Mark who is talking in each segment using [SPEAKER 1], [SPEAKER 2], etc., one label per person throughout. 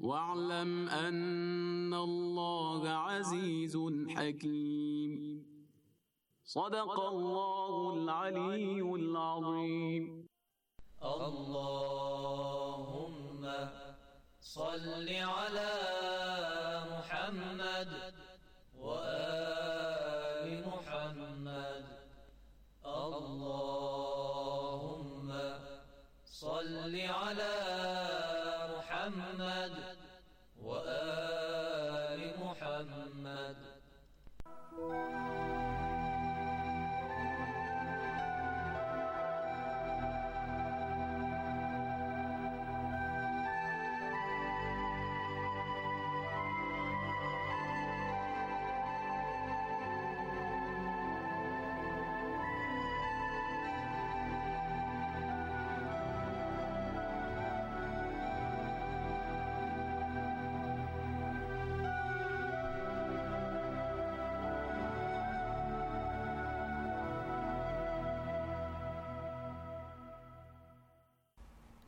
[SPEAKER 1] واعلم أن الله عزيز حكيم صدق الله العلي العظيم اللهم صل على محمد
[SPEAKER 2] وآل محمد اللهم صل على محمد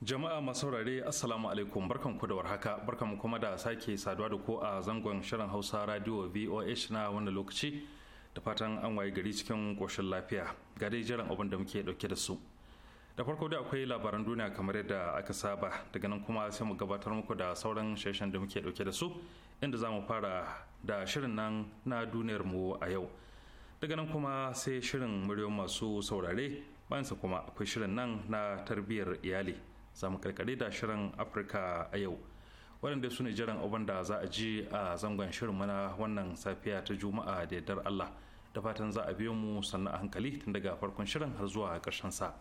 [SPEAKER 3] Jama'a masu saurare Assalamu alaikum barkanku da warhaka barkanku kuma da sake saduwa da ko a zangon shirin Hausa Radio VOH na wannan lokaci da fatan an waye gari cikin koshin lafiya ga dai jiran abin da muke dauke da su. Da farko da akwai labaran duniya kamar yadda aka saba daga nan kuma sai mu gabatar muku da sauran sheshen da muke dauke da su inda zamu fara da shirin nan na duniyar mu a yau. Daga nan kuma sai shirin muryoyin masu saurare bayansa kuma akwai shirin nan na tarbiyyar iyali. za mu karkare da shirin afirka a yau waɗanda su ne jiran abin da za a ji a zangon shirin mana wannan safiya ta juma'a da yardar allah da fatan za a biyo mu sannan a hankali tun daga farkon shirin har zuwa ƙarshen sa.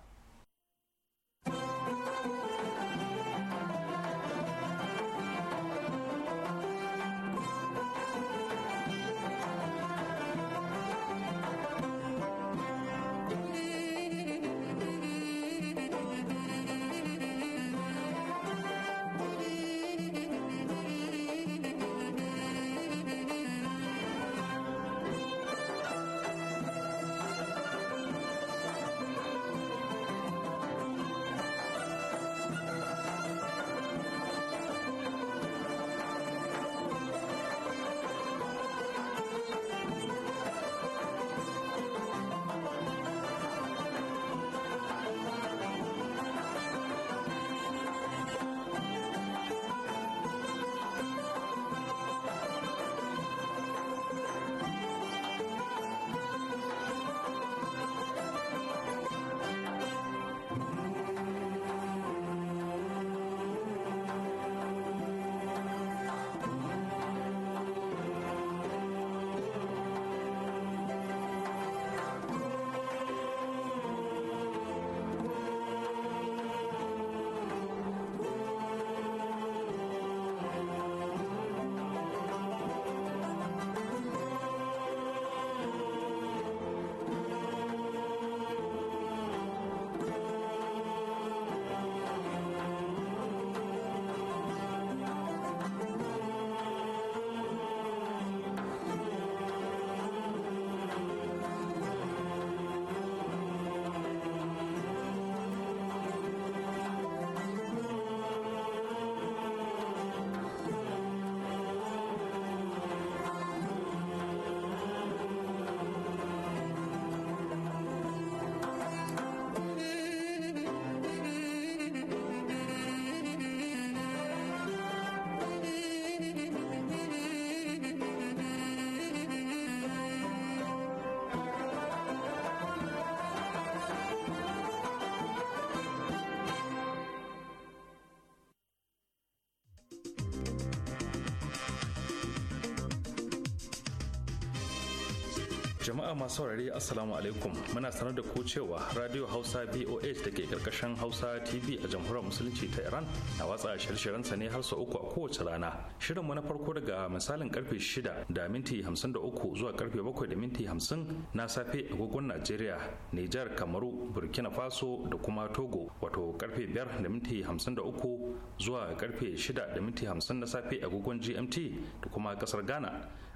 [SPEAKER 3] Jama'a masu saurari Assalamu alaikum muna sanar da ku cewa Radio Hausa BOH da ke karkashin Hausa TV a Jamhuriyar Musulunci ta Iran na watsa shirin sa ne har sau uku a kowace rana. Shirin mu na farko daga misalin karfe shida da minti 53 zuwa karfe 7 da minti 50 na safe agogon Najeriya, Nijar, Kamaru, Burkina Faso da kuma Togo wato karfe 5 da minti 53 zuwa karfe shida da minti 50 na safe agogon GMT da kuma kasar Ghana.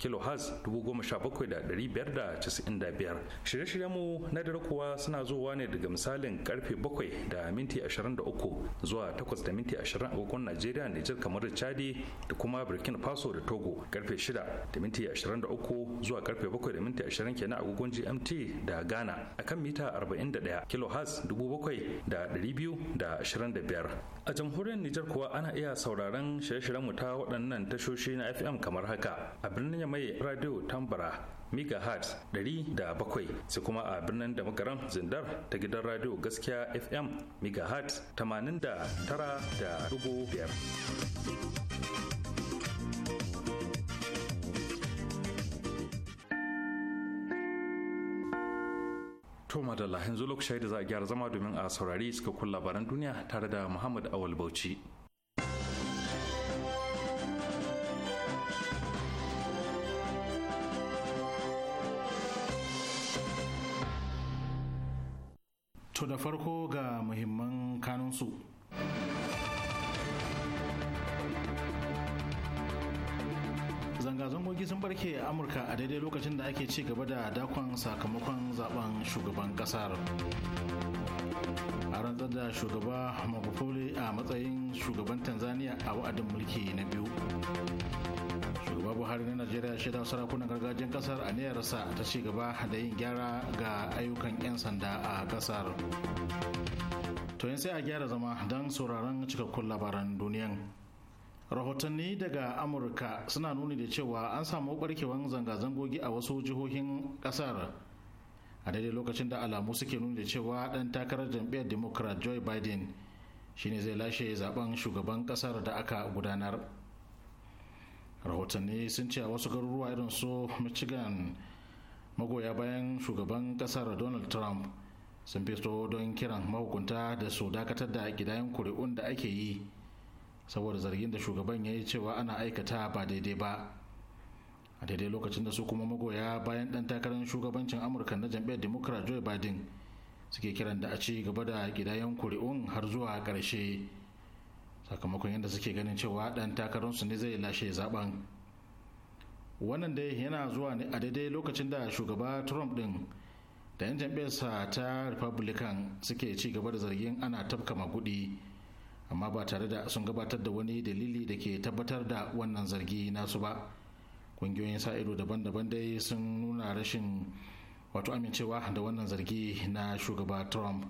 [SPEAKER 3] kilohertz 17595 shirye-shiryen mu na dare kuwa suna zuwa ne daga misalin karfe bakwai da minti uku zuwa takwas da minti ashirin agogon najeriya nijar kamar da chadi da kuma burkina faso da togo karfe shida da minti uku zuwa karfe bakwai da minti ashirin kenan agogon gmt da ghana akan mita 41 kilohertz biyar a jamhuriyar nijar kuwa ana iya sauraron shirye-shiryen mu ta waɗannan tashoshi na fm kamar haka a birnin mai radio tambara da bakwai sai kuma a birnin da makaran zindar ta gidan radio gaskiya fm megahertz 89.5 To madalla yanzu lokacin da za a gyara zama domin a saurari suka kun labaran duniya tare da Muhammad Awal Bauchi.
[SPEAKER 4] To da farko ga muhimman kanunsu. Zanga-zangogi sun barke a Amurka a daidai lokacin da ake ci gaba da dakon sakamakon zaben shugaban kasar. A rantsar da shugaba Magufuli a matsayin shugaban Tanzania a wa'adin mulki na biyu. shugaba buhari na najeriya shaida sarakunan gargajiyar kasar a niyarsa ta ci gaba da yin gyara ga ayyukan 'yan sanda a kasar to yin sai a gyara zama don sauraron cikakkun labaran duniyan rahotanni daga amurka suna nuni da cewa an samu barkewan zanga-zangogi a wasu jihohin kasar a daidai lokacin da alamu suke nuni da cewa dan takarar jam'iyyar democrat joe biden shine zai lashe zaben shugaban kasar da aka gudanar rahotanni sun ce a wasu garuruwa irin su michigan magoya bayan shugaban kasar donald trump sun fito don kiran mahukunta da su dakatar da gidayen kuri'un da ake yi saboda zargin da shugaban ya yi cewa ana aikata ba daidai ba a daidai lokacin da su kuma magoya bayan dan takarar shugabancin amurka na jam'iyyar democrat joe biden suke kiran da a ci gaba da gidayen kuri'un har zuwa ƙarshe. sakamakon yadda suke ganin cewa ɗan takararsu ne zai lashe zaben wannan dai yana zuwa ne a daidai lokacin da shugaba trump din da 'yan jam'iyyarsa ta republican suke ci gaba da zargin ana tafka magudi amma ba tare da sun gabatar da wani dalili da ke tabbatar da wannan zargi nasu ba ƙungiyoyin sa ido daban-daban dai sun nuna rashin wato amincewa da wannan zargi na shugaba trump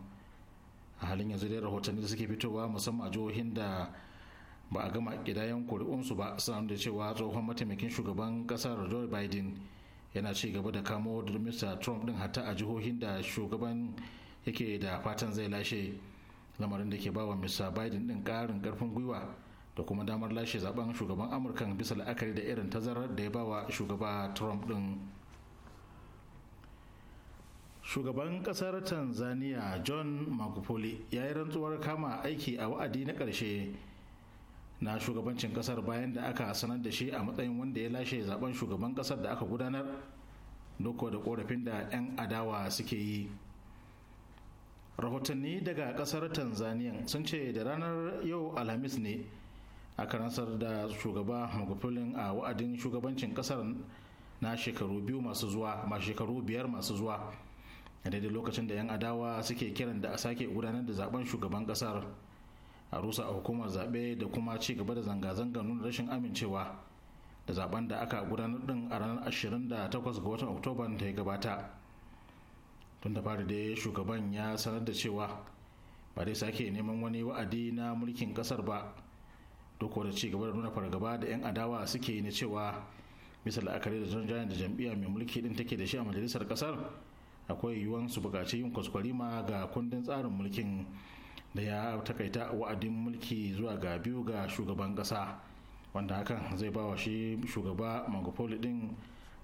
[SPEAKER 4] a halin yanzu dai rahotanni da suke fitowa musamman a jihohin da ba a gama kidayen kuri'unsu ba suna da cewa tsohon mataimakin shugaban kasar joe biden yana ci gaba da kamo da mr trump din hatta a jihohin da shugaban yake da fatan zai lashe lamarin da ke bawa mr biden din karin karfin gwiwa da kuma damar lashe zaben shugaban amurka bisa la'akari da irin tazarar da ya bawa shugaba trump din shugaban kasar tanzania john magufuli ya yi rantsuwar kama aiki a wa'adi na ƙarshe na shugabancin kasar bayan da aka sanar da shi a matsayin wanda ya lashe zaben shugaban kasar da aka gudanar doko da korafin da 'yan adawa suke yi rahotanni daga kasar tanzania sun ce da ranar yau alhamis ne aka nasar da shugaba magufulin a wa'adin shugabancin kasar na shekaru shekaru biyar masu zuwa a daidai lokacin da 'yan adawa suke kiran da a sake gudanar da zaben shugaban kasar a rusa a hukumar zaɓe da kuma ci gaba da zanga-zangar nuna rashin amincewa da zaben da aka gudanar din a ranar 28 ga watan oktoba ta ya gabata tun da fari dai shugaban ya sanar da cewa ba dai sake neman wani wa'adi na mulkin kasar ba duk da ci gaba da nuna fargaba da 'yan adawa suke na cewa bisa la'akari da janjayen da jam'iyya mai mulki din take da shi a majalisar kasar akwai yiwuwan su bukaci yin kwaskwarima ga kundin tsarin mulkin da ya takaita wa'adin mulki zuwa ga biyu ga shugaban ƙasa wanda hakan zai ba wa shi shugaba magufuli din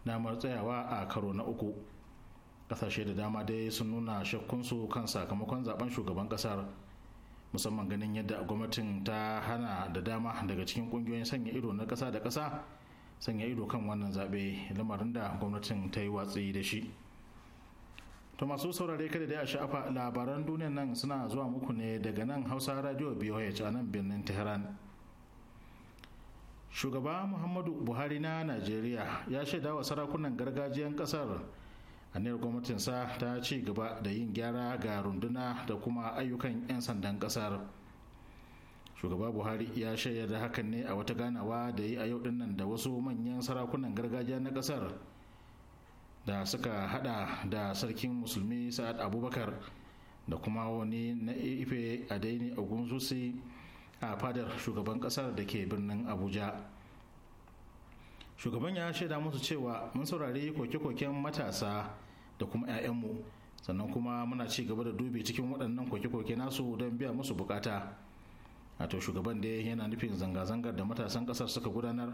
[SPEAKER 4] damar tsayawa a karo na uku kasashe da dama dai sun nuna shakkunsu kan sakamakon zaben shugaban kasar musamman ganin yadda gwamnatin ta hana da dama daga cikin kungiyoyin sanya ido na kasa da kasa sanya ido kan wannan zaɓe lamarin da gwamnatin ta yi watsi da shi. To masu saurare kada da a sha'afa labaran duniyan nan suna zuwa muku ne daga nan Hausa Radio BOH a nan birnin Tehran. Shugaba Muhammadu Buhari na Najeriya ya shaida wa sarakunan gargajiyan kasar aniyar gwamnatinsa ta ci gaba da yin gyara ga runduna da kuma ayyukan 'yan sandan kasar. Shugaba Buhari ya shayar da hakan ne a wata ganawa da yi a yau dinnan da wasu manyan sarakunan gargajiya na kasar. da suka hada da sarkin musulmi sa'ad abubakar da kuma wani na ife a daini ogunzusi a fadar shugaban kasar da ke birnin abuja shugaban ya shaida musu cewa mun saurari koke-koken matasa da kuma 'ya'yanmu sannan kuma muna ci gaba da dubi cikin waɗannan koke-koke nasu don biya musu bukata to shugaban da yana nufin zanga-zangar da matasan ƙasar suka gudanar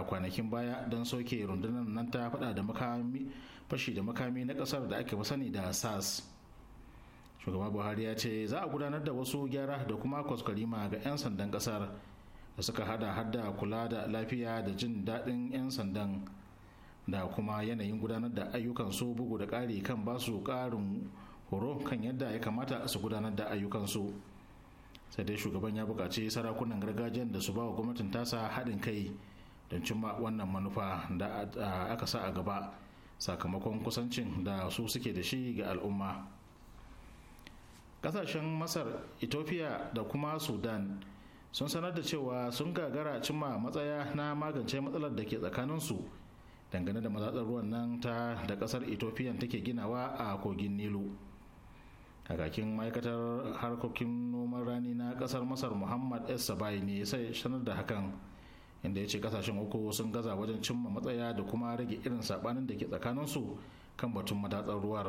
[SPEAKER 4] a kwanakin baya don soke rundunar nan ta fada da makami fashi da makami na kasar da ake sani da sas shugaba buhari ya ce za a gudanar da wasu gyara da kuma kwaskwarima ga 'yan sandan kasar da suka hada hada kula da lafiya da jin daɗin 'yan sandan da kuma yanayin gudanar da ayyukan su bugu da ƙari kan basu ƙarin horo kan yadda ya kamata su gudanar da ayyukan su sai dai shugaban ya buƙaci sarakunan gargajiyar da su ba wa gwamnatin tasa haɗin kai don cimma wannan manufa da aka sa a gaba sakamakon kusancin da su suke da shi ga al'umma kasashen masar ethiopia da kuma sudan sun sanar da cewa sun gagara cimma matsaya na magance matsalar da ke tsakaninsu dangane da matsatsar ruwan nan ta da kasar ethiopia take ginawa a kogin nilu kakakin ma'aikatar harkokin noman rani na kasar masar muhammad s sabai ne sai sanar da hakan inda ya ce kasashen uku sun gaza wajen cimma matsaya da kuma rage irin sabanin da ke tsakaninsu kan batun matatsar ruwar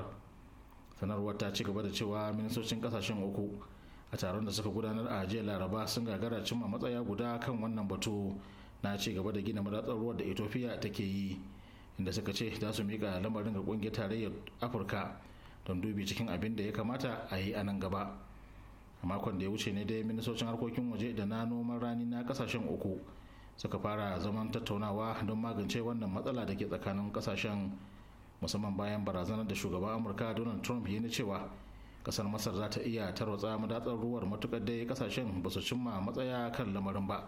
[SPEAKER 4] sanarwar ta ci gaba da cewa ministocin kasashen uku a taron da suka gudanar a jiya laraba sun gagara cimma matsaya guda kan wannan batu na ci gaba da gina matatsar ruwar da ethiopia take yi inda suka ce za su mika lamarin ga kungiyar tarayyar afirka don dubi cikin abin da ya kamata a yi a nan gaba a makon da ya wuce ne dai ministocin harkokin waje da na noman rani na kasashen uku suka fara zaman tattaunawa don magance wannan matsala da ke tsakanin kasashen musamman bayan barazanar da shugaban amurka donald trump ya na cewa kasar masar za ta iya tarwatsa madatsar ruwar matukar dai kasashen ba su cimma matsaya kan lamarin ba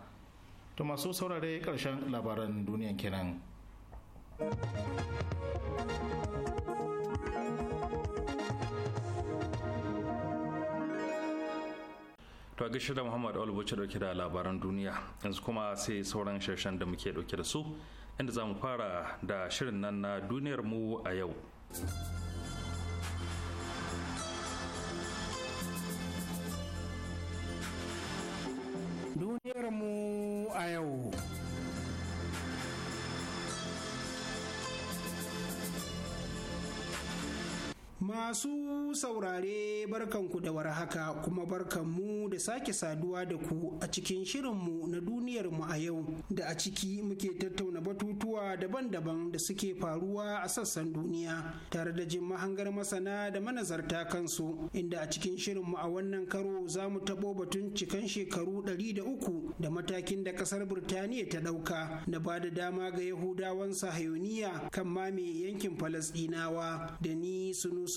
[SPEAKER 4] to masu saurare karshen labaran duniyan kenan
[SPEAKER 3] to a gashi da muhammad albuci dauke da labaran duniya yanzu kuma sai sauran sharshen da muke dauke da su inda za mu fara da shirin nan na duniyar mu a yau
[SPEAKER 4] duniyar mu
[SPEAKER 5] a yau Masu saurare barkanku da warhaka kuma barkanmu da sake saduwa da ku a cikin shirinmu na duniyarmu a yau da a ciki muke tattauna batutuwa daban-daban da suke faruwa a sassan duniya tare da jin mahangar masana da manazarta kansu inda a cikin shirinmu a wannan karo za mu taɓo batun cikan shekaru ɗari da uku da matakin da ƙasar Birtaniya ta ɗauka na ba da dama ga Yahudawan Sahayoniya kan mame yankin Falasɗinawa da ni sunu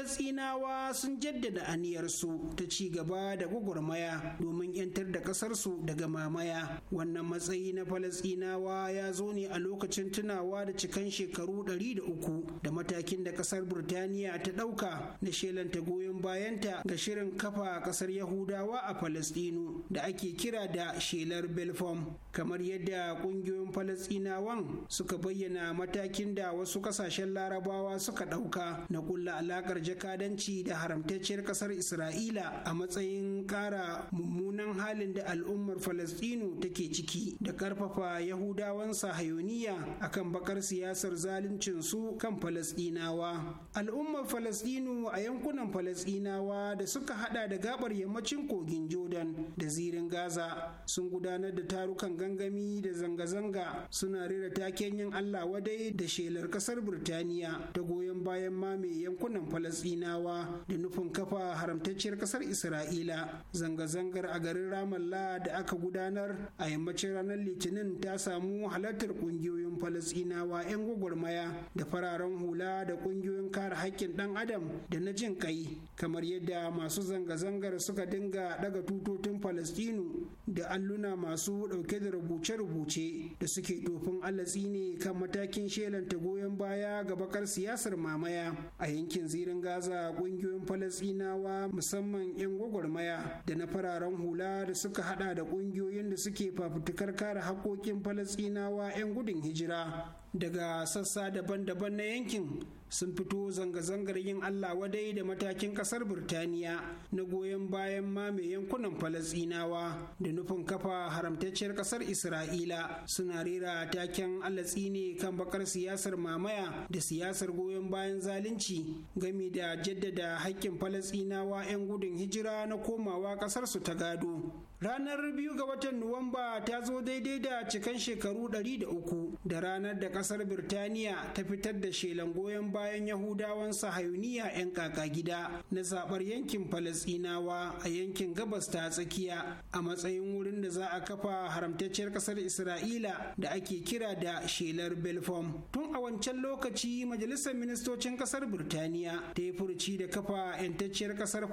[SPEAKER 5] falastinawa sun jaddada aniyarsu ta ci gaba da gwagwarmaya domin 'yantar da ƙasarsu daga mamaya wannan matsayi na falasinawa ya zo ne a lokacin tunawa da cikan shekaru 300 da matakin da ƙasar burtaniya ta ɗauka na shelanta goyon bayanta ga shirin kafa ƙasar yahudawa a falastinu da ake kira da shelar belfom kamar yadda ƙungiyoyin falasinawan suka bayyana matakin da wasu ƙasashen larabawa suka ɗauka na ƙulla alaƙar jakadanci da haramtacciyar kasar isra'ila a matsayin kara mummunan halin da al'ummar Falasɗinu take ciki da ƙarfafa yahudawan sahayoniya akan bakar siyasar zaluncin su kan Falasɗinawa. al'ummar Falasɗinu a yankunan Falasɗinawa da suka hada da gabar yammacin kogin jordan da zirin gaza sun gudanar da tarukan gangami da zanga-zanga suna rera taken yin allah wadai da shelar kasar birtaniya ta goyon bayan mame yankunan falastinu Filistinawa da nufin kafa haramtacciyar ƙasar Isra'ila. Zanga-zangar a garin Ramallah da aka gudanar a yammacin ranar Litinin ta samu halartar ƙungiyoyin Falasɗinawa 'yan gwagwarmaya da fararen hula da ƙungiyoyin kare haƙƙin ɗan adam da na jin ƙai kamar yadda masu zanga-zangar suka dinga daga tutotin Falasɗinu da alluna masu ɗauke da rubuce-rubuce da suke tofin alatsi ne kan matakin shelanta goyon baya ga bakar siyasar mamaya a yankin zirin gaza kungiyoyin falasinawa musamman 'yan gwagwarmaya da na fararen hula da suka hada da kungiyoyin da suke fafutukar kare haƙoƙin falasinawa 'yan gudun hijira daga sassa daban-daban na yankin sun fito zanga-zangar yin Allah wadai da matakin kasar Birtaniya na goyon bayan mame yankunan Falasinawa da nufin kafa haramtacciyar kasar Isra'ila suna rera taken Allah tsine kan bakar siyasar mamaya da siyasar goyon bayan zalunci gami da jaddada haƙƙin Falasinawa 'yan gudun hijira na komawa ƙasarsu ta gado. Ranar biyu ga watan Nuwamba ta zo daidai da cikan shekaru 103 da ranar da kasar Birtaniya ta fitar da shelan goyon bayan bayan yahudawan sahayuniya 'yan kaka gida na zabar yankin falasinawa a yankin gabas ta tsakiya a matsayin wurin da za a kafa haramtacciyar kasar isra'ila da ake kira da shelar belfom tun a wancan lokaci majalisar ministocin kasar birtaniya ta yi furci da kafa 'yantacciyar kasar a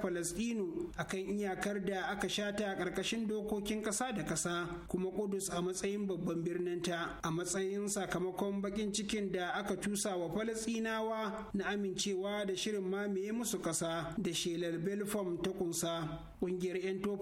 [SPEAKER 5] kan iyakar da aka shata a ƙarƙashin dokokin ƙasa da ƙasa kuma kudus a matsayin babban birninta a matsayin sakamakon baƙin cikin da aka cusa wa falasinawa na amincewa da shirin mamaye musu ƙasa da shelar belfom ta kunsa Ƙungiyar 'yan to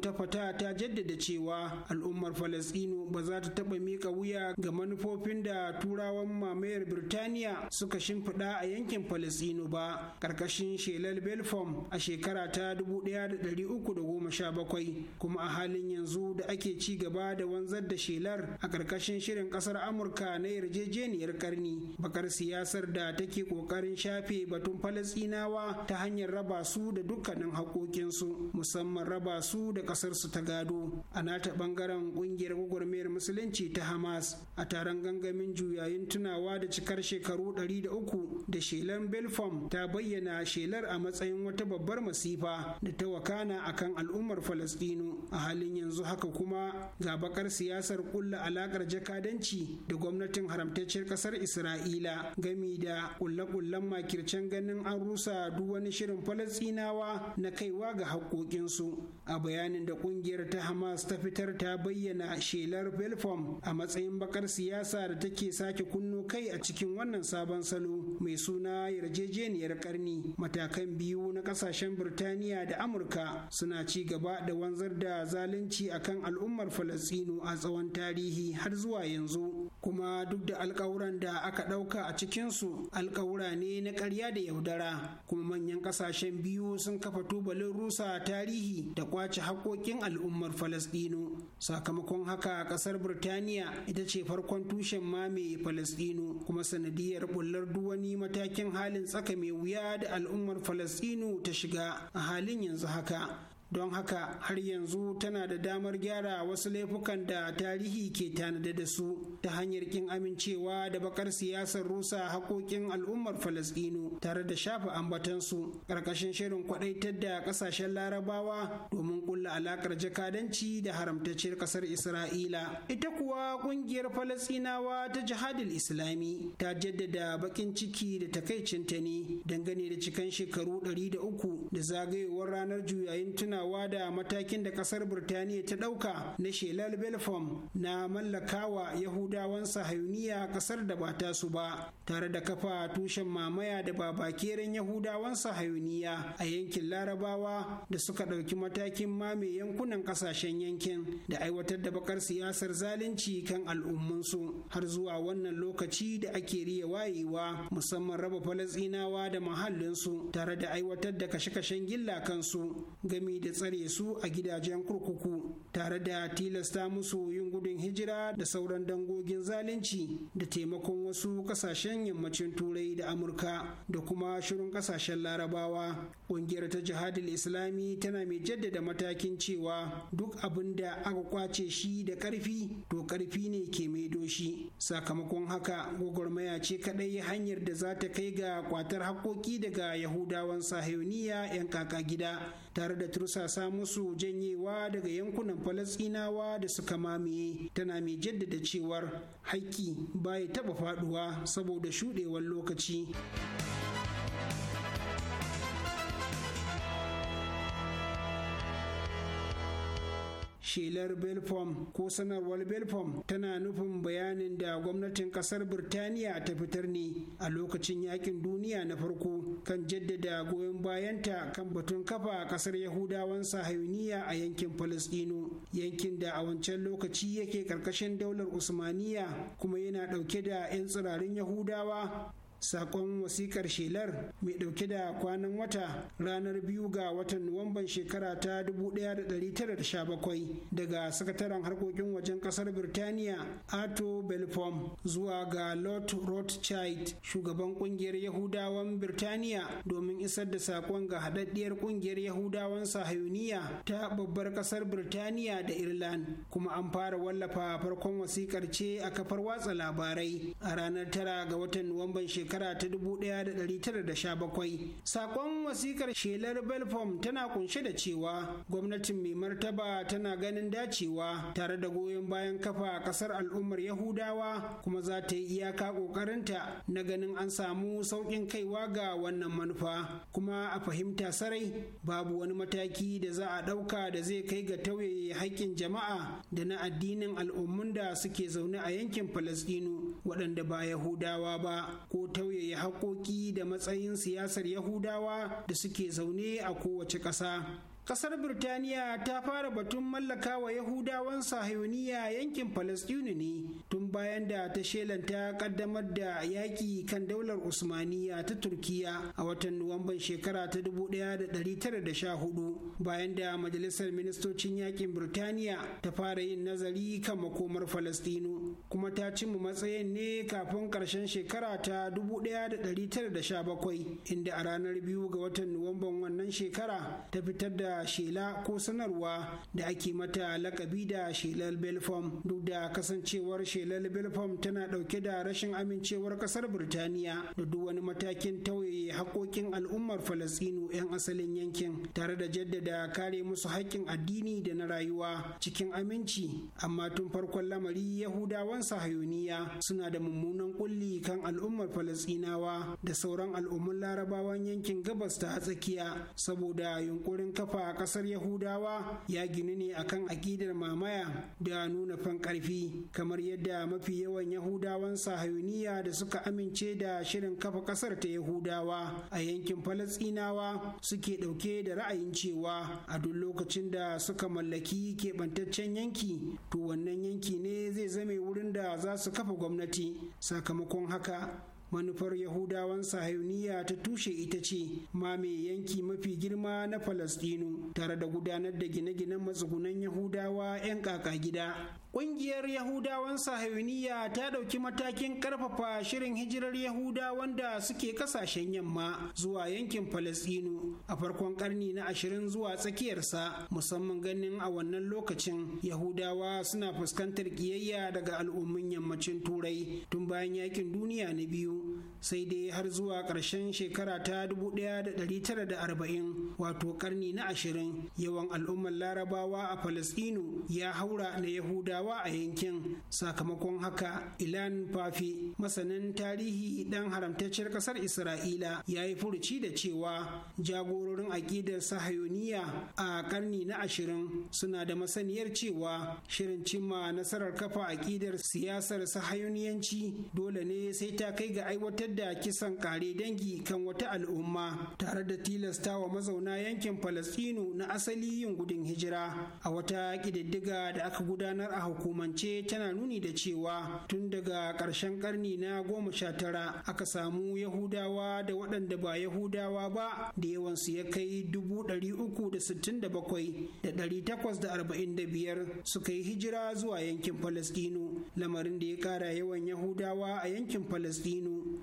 [SPEAKER 5] ta fata ta jaddada cewa al'ummar Falasɗinu ba za ta taɓa mika wuya ga manufofin da turawan mamayar Birtaniya suka shimfiɗa a yankin Falasɗinu ba ƙarƙashin shelar Belfom a shekara ta 1317 kuma a halin yanzu da ake ci gaba da wanzar da shelar a ƙarƙashin shirin ƙasar Amurka na yarjejeniyar ƙarni bakar siyasar da take ƙoƙarin shafe batun Falasɗinawa ta hanyar raba su da dukkanin haƙoƙinsu. musamman raba su da kasar su ta gado a nata bangaren kungiyar gwagwarmayar musulunci ta hamas a taron gangamin juyayin tunawa da cikar shekaru 300 da shelar belfam ta bayyana shelar a matsayin wata babbar masifa da ta wakana kan al'ummar falastinu a halin yanzu haka kuma ga bakar siyasar kulla alakar jakadanci da gwamnatin haramtacciyar kasar isra'ila gami da kulle-kullen makircen ganin an rusa duk wani shirin falastinawa na kaiwa ga haƙoƙinsu a bayanin da ƙungiyar ta hamas ta fitar ta bayyana shelar belfom a matsayin bakar siyasa da take sake kunno kai a cikin wannan sabon salo mai suna yarjejeniyar karni matakan biyu na ƙasashen birtaniya da amurka suna ci gaba da wanzar da zalunci akan al'ummar falastinu a tsawon tarihi har zuwa yanzu kuma duk da alkawuran da aka ɗauka a cikinsu alkawura ne na ƙarya da yaudara kuma manyan ƙasashen biyu sun kafa tubalin rusa A tarihi da kwace haƙoƙin al'ummar falasɗinu sakamakon haka ƙasar birtaniya ita ce farkon tushen mame falasɗinu kuma sanadiyar bullar duwani matakin halin tsaka mai wuya da al'ummar falasɗinu ta shiga a halin yanzu haka don haka har yanzu tana da damar gyara wasu laifukan da tarihi ke tanada da su ta hanyar kin amincewa da bakar siyasar rusa haƙoƙin al'ummar falasɗinu tare da shafa ambatansu ƙarƙashin shirin kwaɗaitar da ƙasashen larabawa domin ƙulla alaƙar jakadanci da haramtacciyar ƙasar isra'ila ita kuwa ƙungiyar falasɗinawa ta jihadil islami ta jaddada baƙin ciki da takaicinta ne dangane da cikan shekaru ɗari da uku da zagayowar ranar juyayin tuna tunawa da matakin da kasar Birtaniya ta ɗauka na shelal Belfom na mallakawa Yahudawan sahayuniya kasar da ba ta su ba, tare da kafa tushen mamaya da babakeren Yahudawan sahayuniya a yankin Larabawa da suka ɗauki matakin mame yankunan ƙasashen yankin da aiwatar da bakar siyasar zalunci kan al'ummansu har zuwa wannan lokaci da ake riya wayewa musamman raba Falasɗinawa da mahallinsu tare da aiwatar da kashe-kashen gilla kansu gami da tsare su a gidajen kurkuku tare da tilasta musu yin gudun hijira da sauran dangogin zalunci da taimakon wasu kasashen yammacin turai da amurka da kuma shirin kasashen larabawa ƙungiyar ta jihadul islami tana mai jaddada matakin cewa duk abin da aka kwace shi da ƙarfi to ƙarfi ne ke maido shi sakamakon haka gwagwarmaya ce kaɗai hanyar da za ta kai ga kwatar haƙoƙi daga yahudawan sahiyoniya 'yan kaka gida tare da tursasa musu janyewa daga yankunan falasɗinawa da suka mamaye tsaye tana mai jaddada cewar ba baya taɓa faɗuwa saboda shuɗewar lokaci. shelar belfom ko sanarwar belfom tana nufin bayanin da gwamnatin kasar birtaniya ta fitar ne a lokacin yakin duniya na farko kan jaddada goyon bayanta kan batun kafa kasar yahudawan sahayuniya a yankin falasdino yankin da a wancan lokaci yake karkashin daular usmaniya kuma yana dauke da 'yan tsirarin yahudawa sakon wasikar shelar mai dauke da kwanan wata ranar biyu ga watan nuwamban shekara ta 1917 daga sakataren harkokin wajen kasar birtaniya ato belfom zuwa ga lord rothschild shugaban kungiyar yahudawan birtaniya domin isar da sakon ga haɗaɗɗiyar kungiyar yahudawan sahayuniya ta babbar kasar birtaniya da ireland kuma an fara wallafa farkon wasikar ce a kafar watsa labarai a ranar tara ga watan nuwamban shekara shekara ta 1917 sakon wasikar shelar belfom tana kunshe da cewa gwamnatin mai martaba tana ganin dacewa tare da goyon bayan kafa a kasar al'ummar yahudawa kuma za ta yi iyaka kokarinta na ganin an samu sauƙin kaiwa ga wannan manufa kuma a fahimta sarai babu wani mataki da za a ɗauka da zai kai ga tauye haƙƙin jama'a da na addinin al'ummun da suke zaune a yankin falasɗinu waɗanda ba yahudawa ba ko sauyaya haƙoƙi da matsayin siyasar Yahudawa da suke zaune a kowace ƙasa. Ƙasar Birtaniya ta fara batun mallaka wa Yahudawan sahayoniya yankin Falasɗinu ne tun bayan da ta shelanta ƙaddamar da yaƙi kan daular Usmaniya ta Turkiya a watan Nuwamban shekara ta 1914 bayan da Majalisar Ministocin Yaƙin Birtaniya ta fara yin nazari kan makomar Falasɗinu kuma ta cimma matsayin ne kafin ƙarshen shekara ta 1917 inda a ranar biyu ga watan Nuwamban wannan shekara ta fitar da shela ko sanarwa da ake mata lakabi da shelar belfom duk da kasancewar shelar belfom tana dauke da rashin amincewar kasar birtaniya da duk wani matakin tauye haƙoƙin al'ummar Falasinu 'yan asalin yankin tare da jaddada kare musu haƙƙin addini da na rayuwa cikin aminci amma tun farkon lamari yahudawan sahayoniya suna da mummunan kulli kan al'ummar Falasinawa da sauran al'ummar larabawan yankin gabas ta tsakiya saboda yunkurin kafa a ƙasar yahudawa ya ginu ne akan aƙidar mamaya da nuna fan ƙarfi kamar yadda mafi yawan yahudawan sahayuniya da suka amince da shirin kafa ƙasar ta yahudawa a yankin falasinawa suke ɗauke da ra'ayin cewa a duk lokacin da suka mallaki keɓantaccen yanki to wannan yanki ne zai zame wurin da za su kafa gwamnati sakamakon haka manufar yahudawan sahayuniya ta tushe ita ce mame yanki mafi girma na falastinu tare da gudanar da gine-ginen matsugunan yahudawa 'yan kaka gida Ƙungiyar Yahudawan Sahayuniya ta ɗauki matakin ƙarfafa shirin hijirar Yahudawan da suke ƙasashen yamma zuwa yankin Falasɗinu a farkon ƙarni na ashirin zuwa tsakiyarsa musamman ganin a wannan lokacin Yahudawa suna fuskantar ƙiyayya daga al'ummin yammacin Turai tun bayan yakin duniya na biyu sai dai har zuwa ƙarshen shekara ta arba'in wato ƙarni na ashirin yawan al'ummar Larabawa a Falasɗinu ya haura na Yahudawa kurdawa a yankin sakamakon haka ilan fafi masanin tarihi dan haramtacciyar kasar isra'ila ya yi furuci da cewa jagororin aƙidar sahayoniya a karni na ashirin suna da masaniyar cewa shirin cimma nasarar kafa aƙidar siyasar sahayoniyanci dole ne sai ta kai ga aiwatar da kisan kare dangi kan wata al'umma tare da tilasta wa mazauna yankin falastinu na asali yin gudun hijira a wata ƙididdiga da aka gudanar a hukumance tana nuni da cewa tun daga ƙarshen ƙarni na goma sha tara aka samu yahudawa da waɗanda ba yahudawa ba da yawansu ya kai dubu ɗari uku da sittin da bakwai da ɗari takwas da arba'in da biyar suka yi hijira zuwa yankin falastinu lamarin da ya ƙara yawan yahudawa a yankin falastinu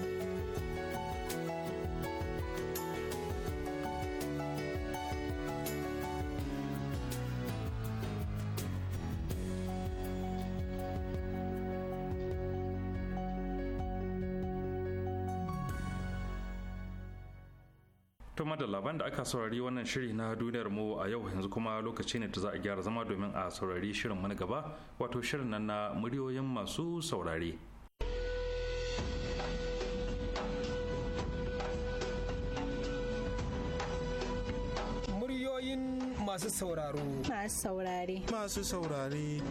[SPEAKER 3] to labar da aka saurari wannan shiri na duniyar mu a yau yanzu kuma lokaci ne da za a gyara zama domin a saurari shirin mana gaba wato shirin nan na muryoyin masu saurare
[SPEAKER 5] muryoyin masu sauraro
[SPEAKER 6] masu saurare
[SPEAKER 5] masu saurare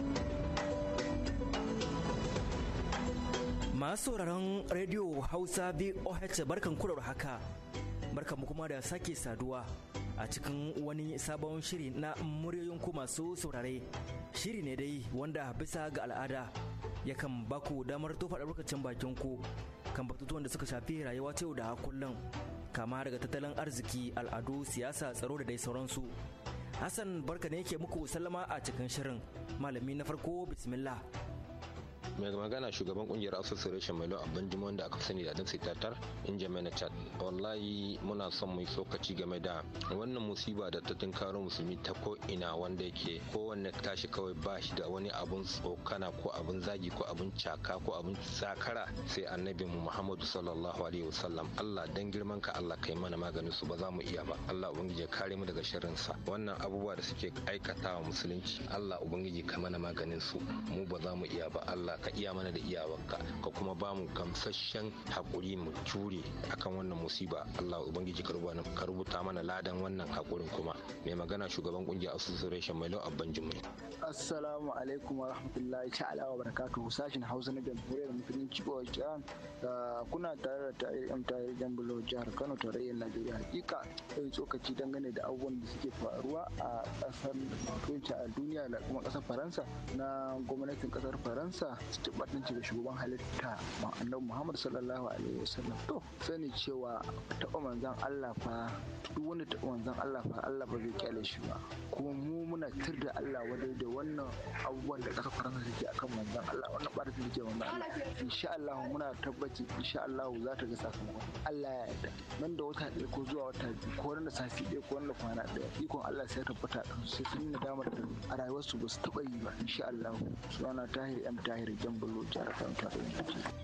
[SPEAKER 7] masu sauraron rediyo hausa voh barkan kurar haka barka mu kuma da sake saduwa a cikin wani sabon shiri na muryoyin ku masu saurare shiri ne dai wanda bisa ga al'ada ya yakan baku damar tofa albarkacin bakin ku kan batutuwan da suka shafi rayuwa ta yau da kullum kama daga tattalin arziki al'adu siyasa tsaro da dai sauransu hassan barka ne yake muku sallama a cikin shirin malami na farko bismillah
[SPEAKER 8] mai magana shugaban kungiyar association mai lawa abin jima wanda aka sani da dinsa tatar in jami'a chad wallahi muna son mu tsokaci game da wannan musiba da ta tunkaro musulmi ta ko ina wanda yake kowanne tashi kawai ba shi da wani abun tsokana ko abun zagi ko abun caka ko abun sakara sai annabi mu muhammadu sallallahu alaihi wasallam allah dan girman ka allah kai mana maganin su ba za mu iya ba allah ubangiji ya kare mu daga shirin sa wannan abubuwa da suke aikatawa musulunci allah ubangiji ka mana maganin su mu ba za mu iya ba allah ka iya mana da iyawanka ka kuma ba mu gamsasshen haƙuri mu jure akan wannan musiba Allah ubangiji ka rubuta mana ladan wannan haƙurin kuma mai magana shugaban kungiyar association mai lau abban jimmi
[SPEAKER 9] assalamu alaikum wa rahmatullahi ta'ala wa barakatuhu sashin hausa na jamhuriyar musulunci ko jihar uh, kuna tare da tarihi yan um, tarihi jan bulo jihar kano tarayyar najeriya hakika sai tsokaci dangane da abubuwan da suke faruwa a kasar turai a duniya da kuma kasar faransa na gwamnatin kasar faransa istibadanci ga shugaban halitta annabi muhammad sallallahu alaihi wasallam to sani cewa taɓa manzan allah fa duk wani taɓa manzan allah fa allah ba zai kyale shi ba kuma mu muna tir da allah wadai da wannan abubuwan da ƙasar faransa take akan manzan allah wannan ba da take manzan allah insha allah muna tabbaci insha allah za ta ga sakamakon allah ya yarda nan da wata ɗaya ko zuwa wata biyu ko wani safi ɗaya ko wani kwana ɗaya ikon allah sai tabbata sai sun yi nadamar da a rayuwarsu ba su taɓa yi ba insha allah sunana tahir m tahir jan bulo jihar
[SPEAKER 2] Kano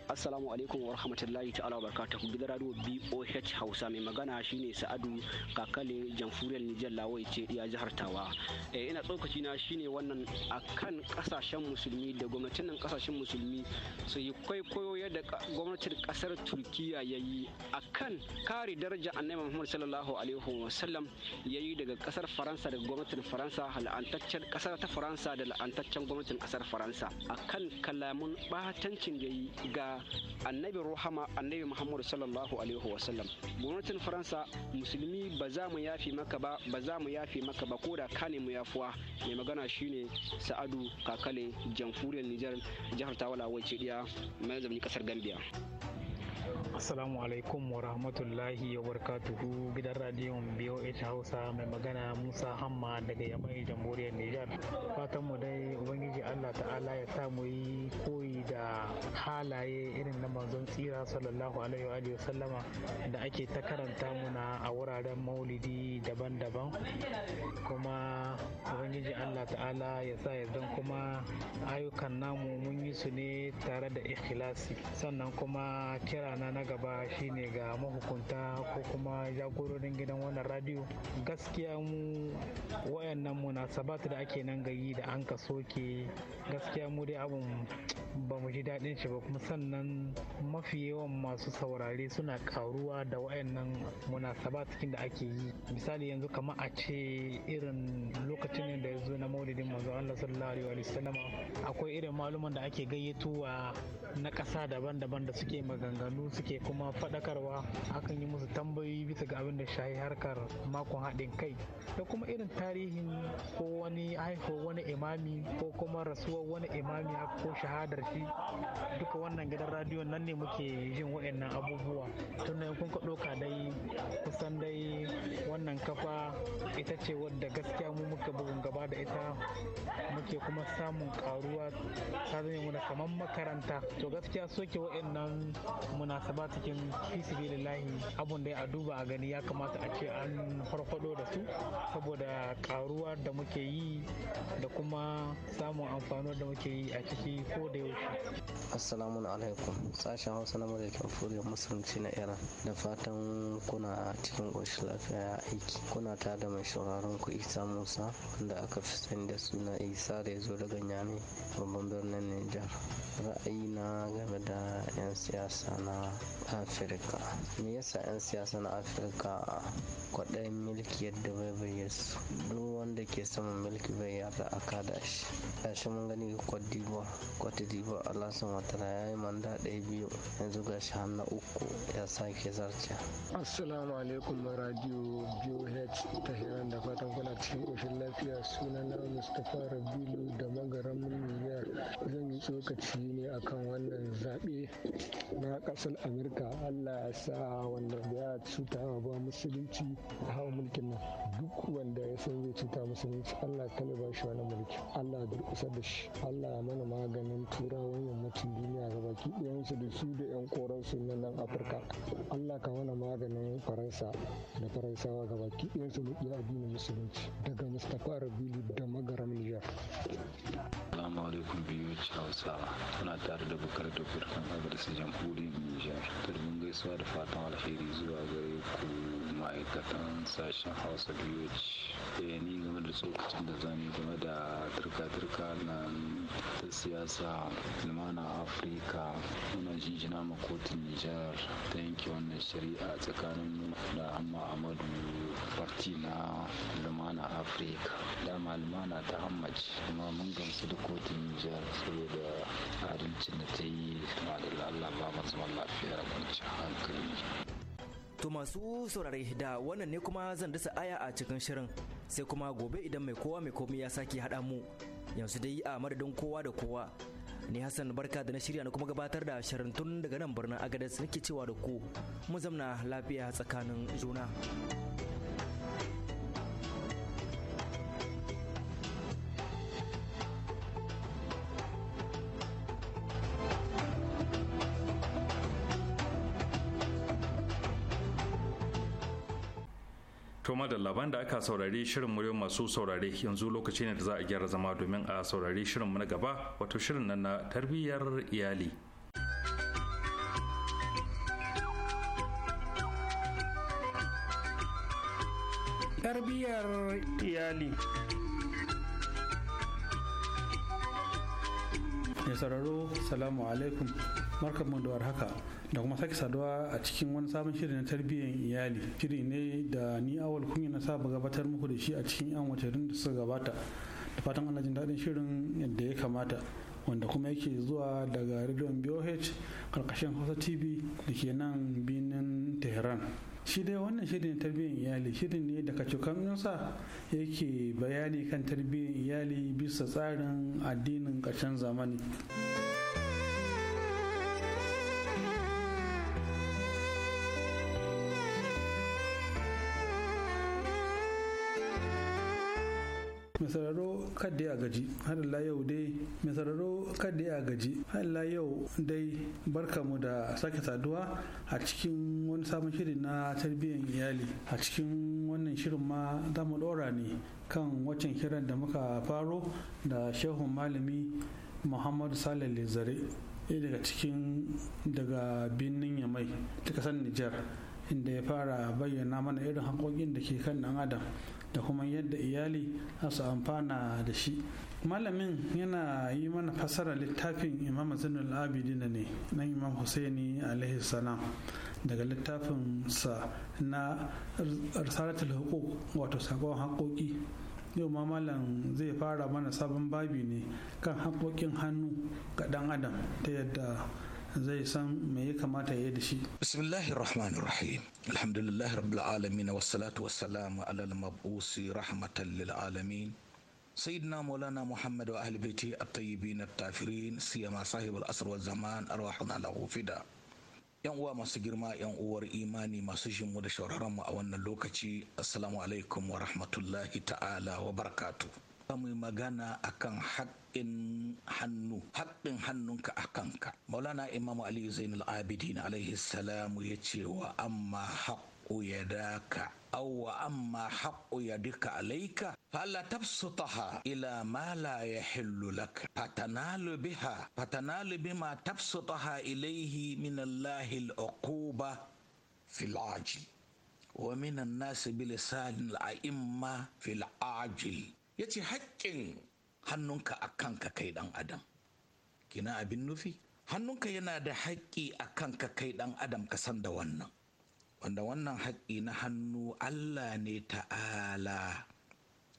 [SPEAKER 10] Assalamu alaikum wa rahmatullahi ta'ala wa barakatuhu gidan radio BOH Hausa mai magana shine Sa'adu Kakale Jamhuriyar Nijar Lawai ce iya jihar Tawa. Eh ina tsokaci na shine wannan akan kasashen musulmi da gwamnatin nan kasashen musulmi su yi kwaikwayo yadda gwamnatin kasar Turkiya yayi akan kare daraja Annabi Muhammad sallallahu alaihi wa sallam yayi daga kasar Faransa daga gwamnatin Faransa halantaccen kasar ta Faransa da la'antaccen gwamnatin kasar Faransa akan kala alamun batancin da yi ga annabi ruhama annabi muhammadu sallallahu alaihi wasallam gwamnatin faransa musulmi ba za mu yafi maka ba ba za mu yafi maka ba ko da ka ne mu yafuwa mai magana shine sa'adu kakale jamhuriyar nijar jihar tawala wacce diya mai kasar gambia
[SPEAKER 6] Assalamu alaikum wa rahmatullahi wa barakatuhu gidan radiyon BOH Hausa mai magana Musa Hamma daga Yamai Jamhuriyar Nijar. Fatan mu dai Ubangiji Allah ta'ala ya sa mu yi koyi da halaye irin na manzon tsira sallallahu alaihi wa sallama da ake ta karanta muna a wuraren maulidi daban-daban. Kuma Ubangiji Allah ta'ala ya sa ya kuma ayyukan namu mun yi su ne tare da ikhlasi sannan kuma kira na na gaba shine ga mahukunta ko kuma jagororin gidan wannan radio gaskiya mu wayannan munasabat da ake nan gayi da an ka soke gaskiya mu dai abun ba mu ji daɗin shi ba kuma sannan mafi yawan masu saurare suna karuwa da wayannan munasabat cikin da ake yi misali yanzu kamar a ce irin lokacin da ya na maulidin manzo Allah sallallahu alaihi wa sallama akwai irin maluman da ake gayyatowa na ƙasa daban-daban da suke maganganu suke kuma faɗakarwa akan yi musu tambayoyi bisa ga abin da shahi harkar makon haɗin kai da kuma irin tarihin ko wani haifo wani imami ko kuma rasuwar wani imami ko shahadar shi duka wannan gidan radiyo nan ne muke yin waɗannan abubuwa tun da kun ka ɗauka dai kusan dai wannan kafa ita ce wadda gaskiya mu muka bugun gaba da ita muke kuma samun karuwa ta zama muna kamar makaranta to gaskiya soke waɗannan muna na saba cikin fisibilillahi abun da ya duba a gani ya kamata a ce an farfado da su saboda karuwa da muke yi da kuma samun amfano da muke yi a ciki ko da yaushe
[SPEAKER 7] assalamu alaikum sashen hausa na madalcin furiyar musulunci na iran da fatan kuna cikin ƙoshin lafiya ya aiki kuna ta da mai shauraron ku isa musa da aka fi sani da suna isa da ya zo daga yami babban birnin Niger? ra'ayi na game da 'yan siyasa na afirka me yasa 'yan siyasa na afirka kwaɗayin milki yadda bai duk wanda ke saman milki bai yada a kada shi mun gani cote d'ivoire ya yi manda ɗaya biyu yanzu gashi har na uku ya sake zarce
[SPEAKER 6] assalamu
[SPEAKER 9] alaikum radio boh ta hiran da fatan kuna cikin ƙoshin lafiya suna na mustapha rabilu da magaramin niyyar zan yi tsokaci ne akan wannan zaɓe na ƙasa ƙasar amurka allah ya sa wanda ya cuta ma ba musulunci a hawa mulkin nan duk wanda ya san zai cuta musulunci allah kale ba shi wani mulki allah ya durkusa da shi allah ya mana maganin turawan yammacin duniya ga baki ɗayansu da su da yan su na nan afirka allah ka mana maganin faransa da faransawa ga baki ɗayansu mulki addinin musulunci daga mustapha rabili da magaram niger Assalamu alaikum biyoci Hausawa. Kuna tare da bukar da kurkan agarsu jamhuriyar Nijar. Turbin gaisuwa da fatan alheri zuwa gare ku ma'aikatan sashen hausa biyu da eh, ni game da tsokacin da zan yi game da turka-turka na ta siyasa lumana afirka muna jinjina ma kotun nijar ta yanke wannan shari'a tsakanin da hamma amadu farti na lumana afirka dama lumana ta hammaci kuma mun gamsu da kotun nijar saboda adalcin da ta yi ma da allah ba masu mallafiyar kwanci hankali
[SPEAKER 7] To masu saurare da wannan ne kuma zan dasa aya a cikin shirin sai kuma gobe idan mai kowa mai komai ya sake haɗa mu yanzu dai a madadin kowa da kowa. Ni Hassan barka da na shirya na kuma gabatar da shirin tun daga nan birnin Agadez nake cewa da ku mu zamna lafiya tsakanin juna.
[SPEAKER 3] To da labaran da aka saurari shirin muryo masu saurare yanzu lokaci ne da za a gyara zama domin a saurari shirin mu na gaba wato shirin nan na tarbiyyar iyali.
[SPEAKER 1] Tarbiyyar iyali. Mai sararo salamu alaikum, markabin da haka. da kuma sake saduwa a cikin wani sabon shiri na tarbiyyar iyali shiri ne da ni awal kunya na saba gabatar muku da shi a cikin yan watannin da suka gabata da fatan ana jin daɗin shirin yadda ya kamata wanda kuma yake zuwa daga radio boh karkashin hausa tv da ke nan birnin tehran shi dai wannan shirin tarbiyyar iyali shirin ne da kacokansa yake bayani kan tarbiyyar iyali bisa tsarin addinin ƙarshen zamani. mai sauraro kadda ya gaji har yau dai mai kadda ya gaji har yau dai barka mu da sake saduwa a cikin wani sabon shiri na tarbiyyar iyali a cikin wannan shirin ma za mu dora ne kan waccan kiran da muka faro da shehun malami muhammadu salih lizare ya daga cikin daga birnin yamai ta kasar nijar inda ya fara bayyana mana irin hankokin da ke kan ɗan adam da kuma yadda iyali a su amfana da shi malamin yana yi mana fasara littafin imam zinul abidin ne na imam husaini alaihi salam daga littafinsa na risalatul hukuk wato sakon haƙoƙi yau ma malam zai fara mana sabon babi ne kan haƙoƙin hannu ga ɗan adam ta yadda zai san me ya kamata ya yi da shi
[SPEAKER 8] bismillahi rahmanir rahim alhamdulillah rabbil alamin wa wassalamu ala al-mabusi rahmatan lil alamin سيدنا مولانا محمد وأهل tafirin الطيبين الطاهرين سيما صاحب wa zaman أرواحنا له فدا yan uwa masu girma yan uwar imani masu jinmu da mu a wannan lokaci assalamu alaikum wa rahmatullahi ta'ala wa barakatu za mu magana akan haƙƙi haƙƙin hannu haƙƙin hannunka a kanka maulana imamu aliyu zainul abidin alaihi salamu ya ce wa amma haƙƙu ya daka awwa amma haƙƙu ya duka alaika fala tafsutaha ila ma la yahillu lak fatanalu biha fatanalu bima tafsutaha ilaihi min allahi al'uquba fil ajil wa min an-nas bi al-a'imma fil ajil yace haƙƙin hannunka a kanka kai ɗan adam kina abin nufi hannunka yana da haƙƙi a kanka kai ɗan adam ka san da wannan wanda wannan haƙƙi na hannu allah ne ta'ala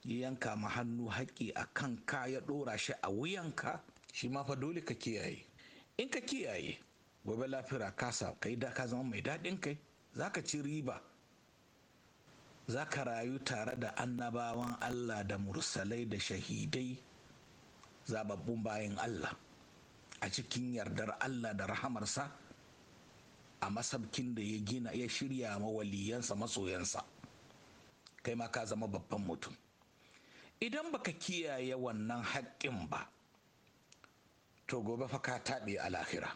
[SPEAKER 8] ya yanka ma hannu haƙƙi a kanka ya ɗora shi a wuyanka shi ma fa dole ka kiyaye in ka kiyaye gobe lafira kasa kai da ka zama mai daɗin kai za ka ci riba za ka rayu tare da annabawan allah da mursalai da shahidai zababbun bayan Allah a cikin yardar Allah da rahamarsa a masabkin da ya gina ya shirya mawaliyansa masoyansa kai ma ka zama babban mutum idan baka kiyaye wannan haƙƙin ba to gobe fa ka taɓe a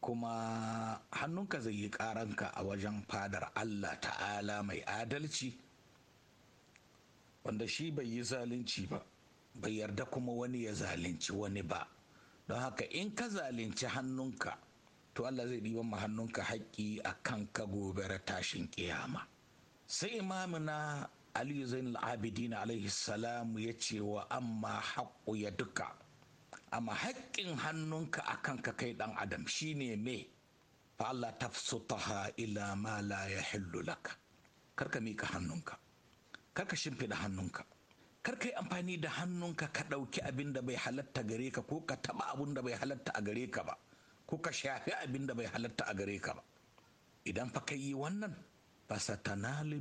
[SPEAKER 8] kuma hannunka zai yi ƙaranka a wajen fadar Allah ta'ala mai adalci wanda shi bai yi zalunci ba bai yarda kuma wani ya zalunci wani ba don haka in ka zalunci hannunka to Allah zai ɗiban ma hannunka haƙƙi a ka gobe tashin ƙiyama. sai imamina aliyu zainul abidin alaihi salam ya ce wa amma haƙƙu ya duka amma haƙƙin hannunka a ka kai ɗan adam shine me fa Allah tafsutaha ila ma la yahillu laka karka mika hannunka karka shimfiɗa hannunka kar ka yi amfani da hannunka ka ɗauki abin da bai halatta gare ka ko ka taɓa abin da bai halatta a gare ka ba ko ka shafi abin da bai halatta a gare ka ba idan fa ka yi wannan ba fasatanali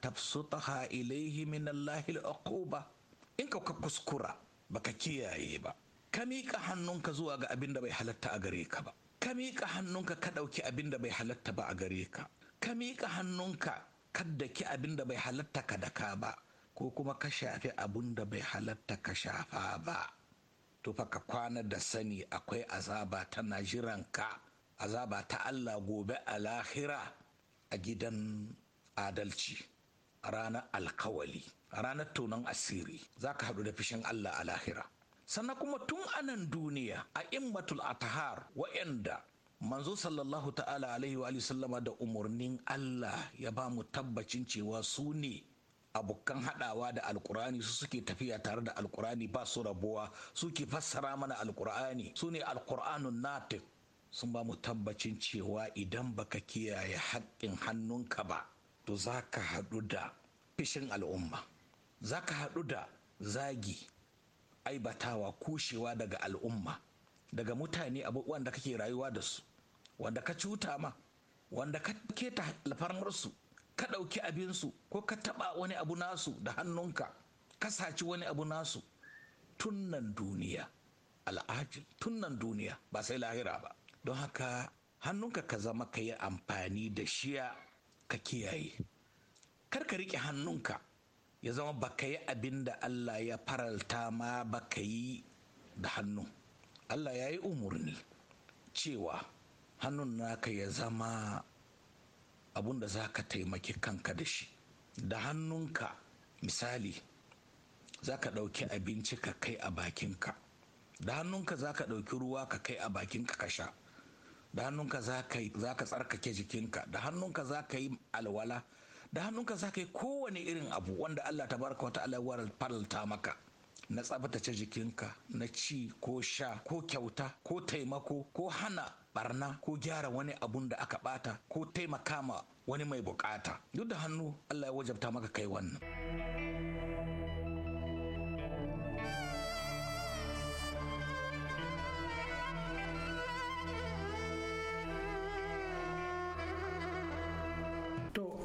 [SPEAKER 8] ta ha ilaihi min Allahil ba. in ka kuskura ba ka kiyaye ba ka miƙa hannunka zuwa ga abin da bai halatta a gare ka ba ka miƙa hannunka ka ɗauki abin da bai halatta ba a gare ka ka miƙa hannunka ka daki abin da bai halatta ka daka ba ko kuma ka shafi abun da bai halatta ka shafa ba Tufa ka kwana da sani akwai azaba tana ka azaba ta Allah gobe a lahira a gidan adalci a ranar alkawali a ranar tonon asiri za ka haɗu da fishin Allah a lahira sannan kuma tun anan duniya a immatul atahar wa'anda manzo sallallahu ta'ala alaihi wa sallama da umarnin Allah ya ba mu tabbacin cewa su ne abokan haɗawa da alkurani su suke tafiya tare da alkurani ba su rabuwa suke fassara mana alkurani su ne alkur'anun natif sun ba mu tabbacin cewa idan baka kiyaye haƙƙin hannunka ba to za ka haɗu da fishin al'umma za ka haɗu da zagi aibatawa kushewa daga al'umma daga mutane abubuwan da kake rayuwa da su wanda ka cuta ma wanda ka keta alfarmarsu ka ɗauki abinsu ko ka taɓa wani abu nasu da hannunka ka saci wani abu nasu tunnan duniya al'ajil tunnan duniya ba sai lahira ba don haka hannunka ka zama ka yi amfani da shiya ka kiyaye kar ka riƙe hannunka ya zama ba ka yi abin da Allah ya faralta ma ba ka yi da hannu Allah ya yi umarni cewa hannun naka ya zama abun da za ka taimaki kanka da shi da hannunka misali za ka ɗauki abinci ka kai a bakinka da hannunka za ka ɗauki ruwa ka kai a bakinka ka sha da hannunka za ka tsarkake jikinka da hannunka za ka yi alwala da hannunka za ka yi kowane irin abu wanda allah ta baraka wata alawar faralta maka na tsabtace jikinka na ci ko sha ko kyauta ko taimako ko hana barna ko gyara wani abun da aka bata ko taimaka ma wani mai bukata duk da hannu Allah ya wajabta maka kai wannan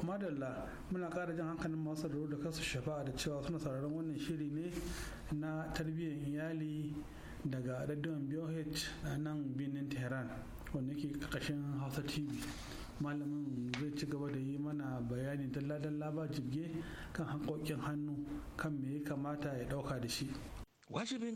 [SPEAKER 1] madalla muna kara jan hankalin masu da kasu shafa da cewa suna sararin wannan shiri ne na tarbiyyar iyali daga radio bioh a nan birnin Tehran. wanda ke ƙarƙashin hausa tv malamin zai ci gaba da yi mana bayani dalla-dalla ba jirge kan hankokin hannu kan me ya kamata ya ɗauka da shi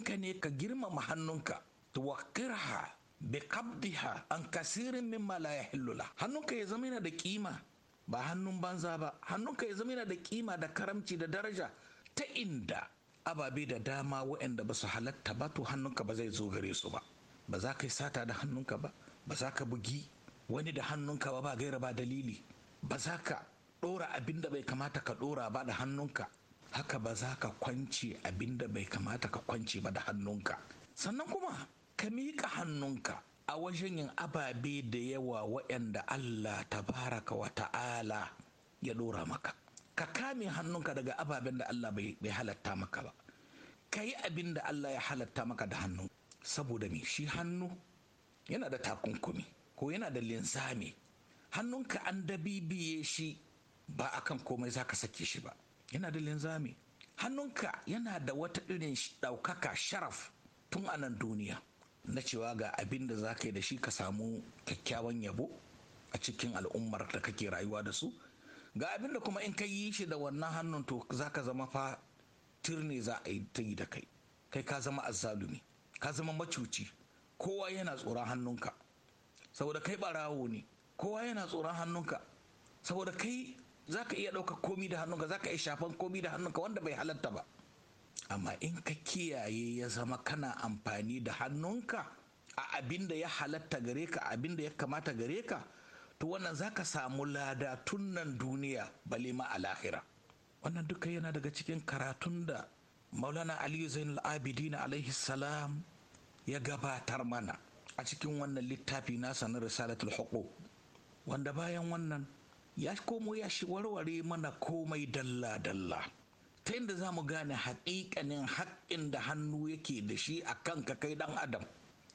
[SPEAKER 8] ka ne ka girmama hannunka tuwakirha bi qabdiha an kasirin mala ya hillula hannunka ya zama yana da kima ba hannun banza ba hannunka ya zama yana da kima da karamci da daraja ta inda ababe da dama waɗanda ba su halatta ba to hannunka ba zai zo gare su ba ba za ka yi sata da hannunka ba ba za ka bugi wani da hannunka ba ba gaira ba dalili ba za ka ɗora abin da bai kamata ka ɗora ba da hannunka haka ba za ka kwance abin da bai kamata ka kwance ba da hannunka sannan kuma ka miƙa hannunka a wajen yin ababe da yawa waɗanda Allah Ta tabaraka wa ta'ala ya ɗora maka ka kame hannunka daga ababen da Allah bai halatta maka ba ka yi abin da Allah ya halatta maka da hannu saboda me shi hannu yana da takunkumi ko yana da linzami hannunka an dabibiye shi ba a kan komai za zaka sake shi ba yana da linzami hannunka yana da wata irin ɗaukaka sharaf tun a nan duniya na cewa ga abin da za ka yi da shi ka samu kyakkyawan yabo a cikin al'ummar da kake rayuwa da su ga abin da kuma in ka yi shi da wannan hannun to za ka zama fa tirne za a yi ta yi da kai kai ka zama azzalumi ka zama macuci kowa yana tsoron hannunka saboda kai barawo ne kowa yana tsoron hannunka saboda kai za ka iya ɗaukar komi da hannunka za ka iya shafan komi da hannunka wanda bai halatta ba amma in ka kiyaye ya zama kana amfani da hannunka a abin da ya halatta gare ka abin da ya kamata gare ka to wannan za ka samu lada tun nan duniya bale ma a lahira wannan duka yana daga cikin karatun da maulana aliyu zainul abidin alaihi salam ya gabatar mana a cikin wannan littafi nasa na risalatul huquq wanda bayan wannan ya komo ya shi warware mana komai dalla-dalla ta inda za mu gane haƙiƙanin haƙƙin da hannu yake da shi a kanka kai ɗan adam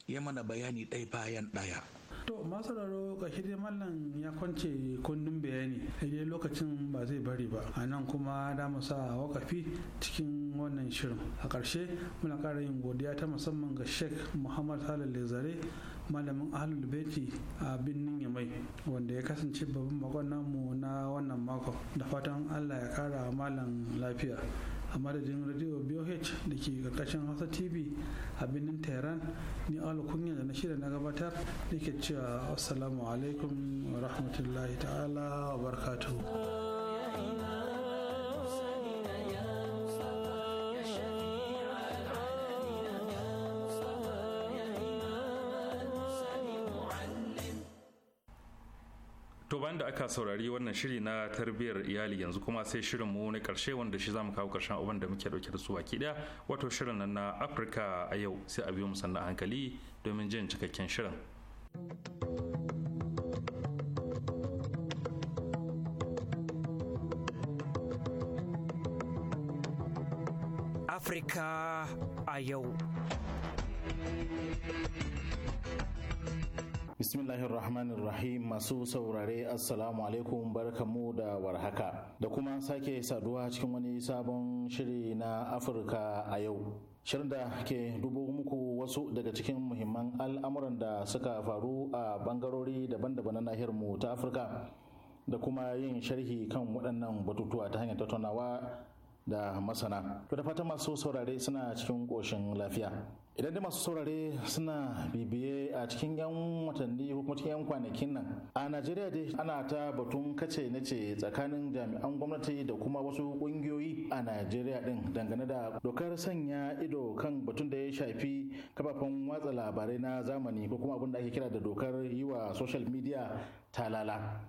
[SPEAKER 8] ya mana bayani ɗaya bayan ɗaya
[SPEAKER 1] to masu raro ƙashi dai mallam ya kwance kundin bayani daidai lokacin ba zai bari ba a nan kuma da mu sa wakafi cikin wannan shirin a ƙarshe muna ƙara yin godiya ta musamman ga sheikh muhammad salih lezare malamin ahlul beti a birnin yamai wanda ya kasance babban makon namu na wannan mako, da fatan allah ya kara mallan lafiya a madadin radio boh da ke karkashin hausa tv a birnin tehran ni kunya da na shirya na gabatar da ke cewa assalamu alaikum wa rahmatullahi ta'ala wa barakatuhu
[SPEAKER 3] bayan da aka saurari wannan shiri na tarbiyyar iyali yanzu kuma sai shirin mu na karshe wanda shi zamu kawo karshen abin da muke dauke da su baki daya wato shirin nan na Afirka a yau sai a biyo mu sannan hankali domin jin cikakken shirin.
[SPEAKER 7] Afirka a yau.
[SPEAKER 4] Bismillahirrahmanirrahim masu saurare Assalamu alaikum barkamu da warhaka da kuma sake saduwa cikin wani sabon shiri na Afirka a yau. Shirin da ke dubo muku wasu daga cikin muhimman al'amuran da suka faru a bangarori daban-daban na nahiyar mu ta Afirka da kuma yin sharhi kan waɗannan batutuwa ta hanyar tattaunawa da masana. To da fatan masu saurare suna cikin ƙoshin lafiya. idan da masu saurare suna bibiye a cikin 'yan watanni ko kuma cikin 'yan kwanakin nan a najeriya dai ana ta batun kace na ce tsakanin jami'an gwamnati da kuma wasu kungiyoyi a najeriya din dangane da dokar sanya ido kan batun da ya shafi kafafen watsa labarai na zamani ko kuma abin da ake kira da dokar yi wa social media talala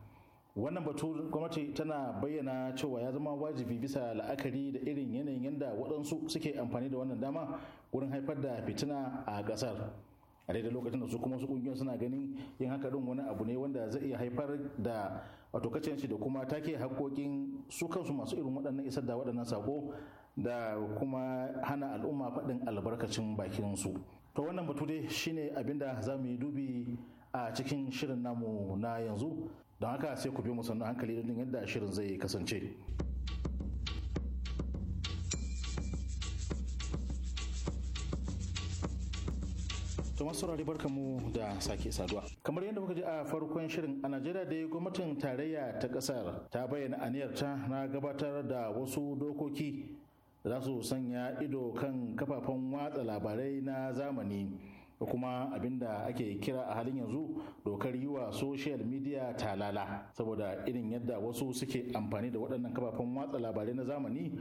[SPEAKER 4] wannan batu gwamnati tana bayyana cewa ya zama wajibi bisa la'akari da irin yanayin yadda waɗansu suke amfani da wannan dama wurin haifar da fitina a ƙasar a daidai lokacin da su kuma su ƙungiyar suna ganin yin haka ɗin wani abu ne wanda zai iya haifar da wato da kuma take haƙoƙin su kansu masu irin waɗannan isar da waɗannan sako da kuma hana al'umma faɗin albarkacin bakinsu to wannan batu dai shine abinda za mu yi dubi a cikin shirin namu na yanzu don haka sai ku bi mu sannu hankali don yadda shirin zai kasance to masu saurari barka mu da sake saduwa kamar yadda muka ji a farkon shirin a najeriya dai gwamnatin tarayya ta kasar ta bayyana aniyarta na gabatar da wasu dokoki za su sanya ido kan kafafen watsa labarai na zamani da kuma abin da ake kira a halin yanzu dokar yi wa social media talala saboda irin yadda wasu suke amfani da waɗannan kafafen watsa labarai na zamani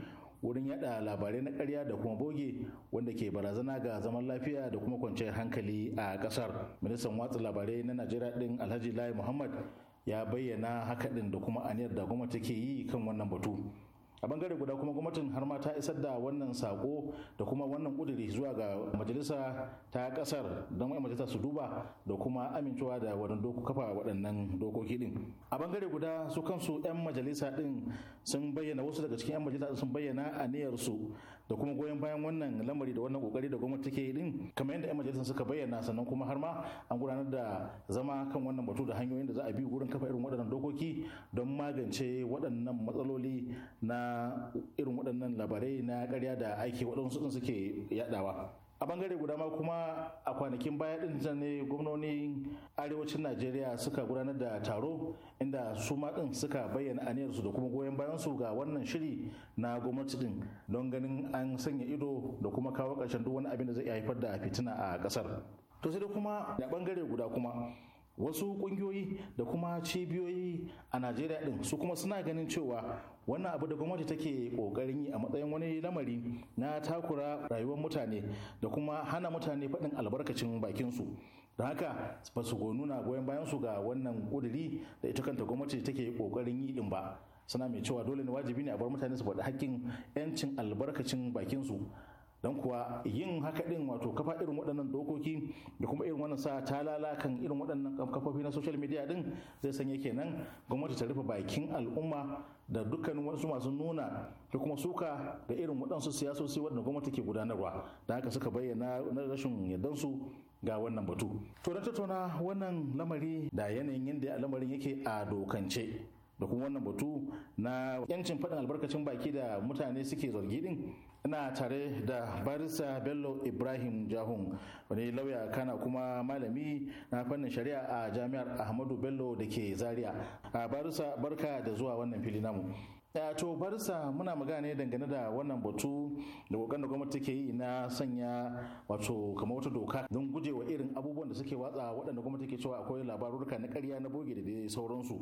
[SPEAKER 4] wurin yada labarai na karya da kuma boge wanda ke barazana ga zaman lafiya da kuma kwanciyar hankali a ƙasar ministan watsa labarai na najeriya ɗin alhaji lai muhammad ya bayyana haka ɗin da kuma aniyar da gwamnati ke yi kan wannan batu a bangare guda kuma gwamnatin har ma ta isar da wannan sako da kuma wannan kuduri zuwa ga majalisa ta kasar don wani majalisa su duba da kuma amincewa da wani doku kafa waɗannan dokoki din a bangare guda su kansu 'yan majalisa din sun bayyana wasu daga cikin 'yan majalisa sun bayyana su. da kuma goyon bayan wannan lamari da wannan kokari da gwamnati yi din kamar yadda 'yan majalisar suka bayyana sannan kuma har ma an gudanar da zama kan wannan batu da hanyoyin da za a bi gurin kafa irin waɗannan dokoki don magance waɗannan matsaloli na irin waɗannan labarai na ƙarya da ake waɗansu suke yaɗawa a bangare guda ma kuma a kwanakin baya din zan ne gwamnonin arewacin najeriya suka gudanar da taro inda su ma din suka bayyana aniyarsu da kuma goyon bayansu ga wannan shiri na gwamnati din don ganin an sanya ido da kuma kawo ƙarshen duk wani abin da zai haifar da fitina a kasar. to sai kuma da bangare guda kuma wasu kungiyoyi da kuma cibiyoyi a najeriya din su kuma suna ganin cewa wannan abu da gwamnati take kokarin yi a matsayin wani lamari na takura rayuwar mutane da kuma hana mutane faɗin albarkacin bakinsu don haka ba su nuna goyon bayan su ga wannan kuduri da ita kanta gwamnati take kokarin yi din ba suna mai cewa dole ne wajibi ne a bar mutane su faɗi hakkin 'yancin albarkacin bakinsu don kuwa yin haka din wato kafa irin waɗannan dokoki da kuma irin wannan sa ta lalakan irin waɗannan kafofi na social media din zai sanya kenan gwamnati ta rufe bakin al'umma da dukkanin wasu masu nuna da kuma suka da irin waɗansu siyasosi waɗanda gwamnati ke gudanarwa da haka suka bayyana na rashin yardansu ga wannan batu to da tattauna wannan lamari da yanayin yadda lamarin yake a dokance da kuma wannan batu na yancin faɗin albarkacin baki da mutane suke zargi din ina tare da Barisa bello ibrahim jahun wani lauya kana kuma malami na fannin shari'a a jami'ar ahmadu bello da ke zaria a barisa barka da zuwa wannan fili namu to Barisa, muna magana ne dangane da wannan batu da kokarin da gwamnati ke yi na sanya wato kamar wata doka don gujewa irin abubuwan da suke watsa waɗanda gwamnati ke cewa akwai labarurka na ƙarya na boge da dai sauransu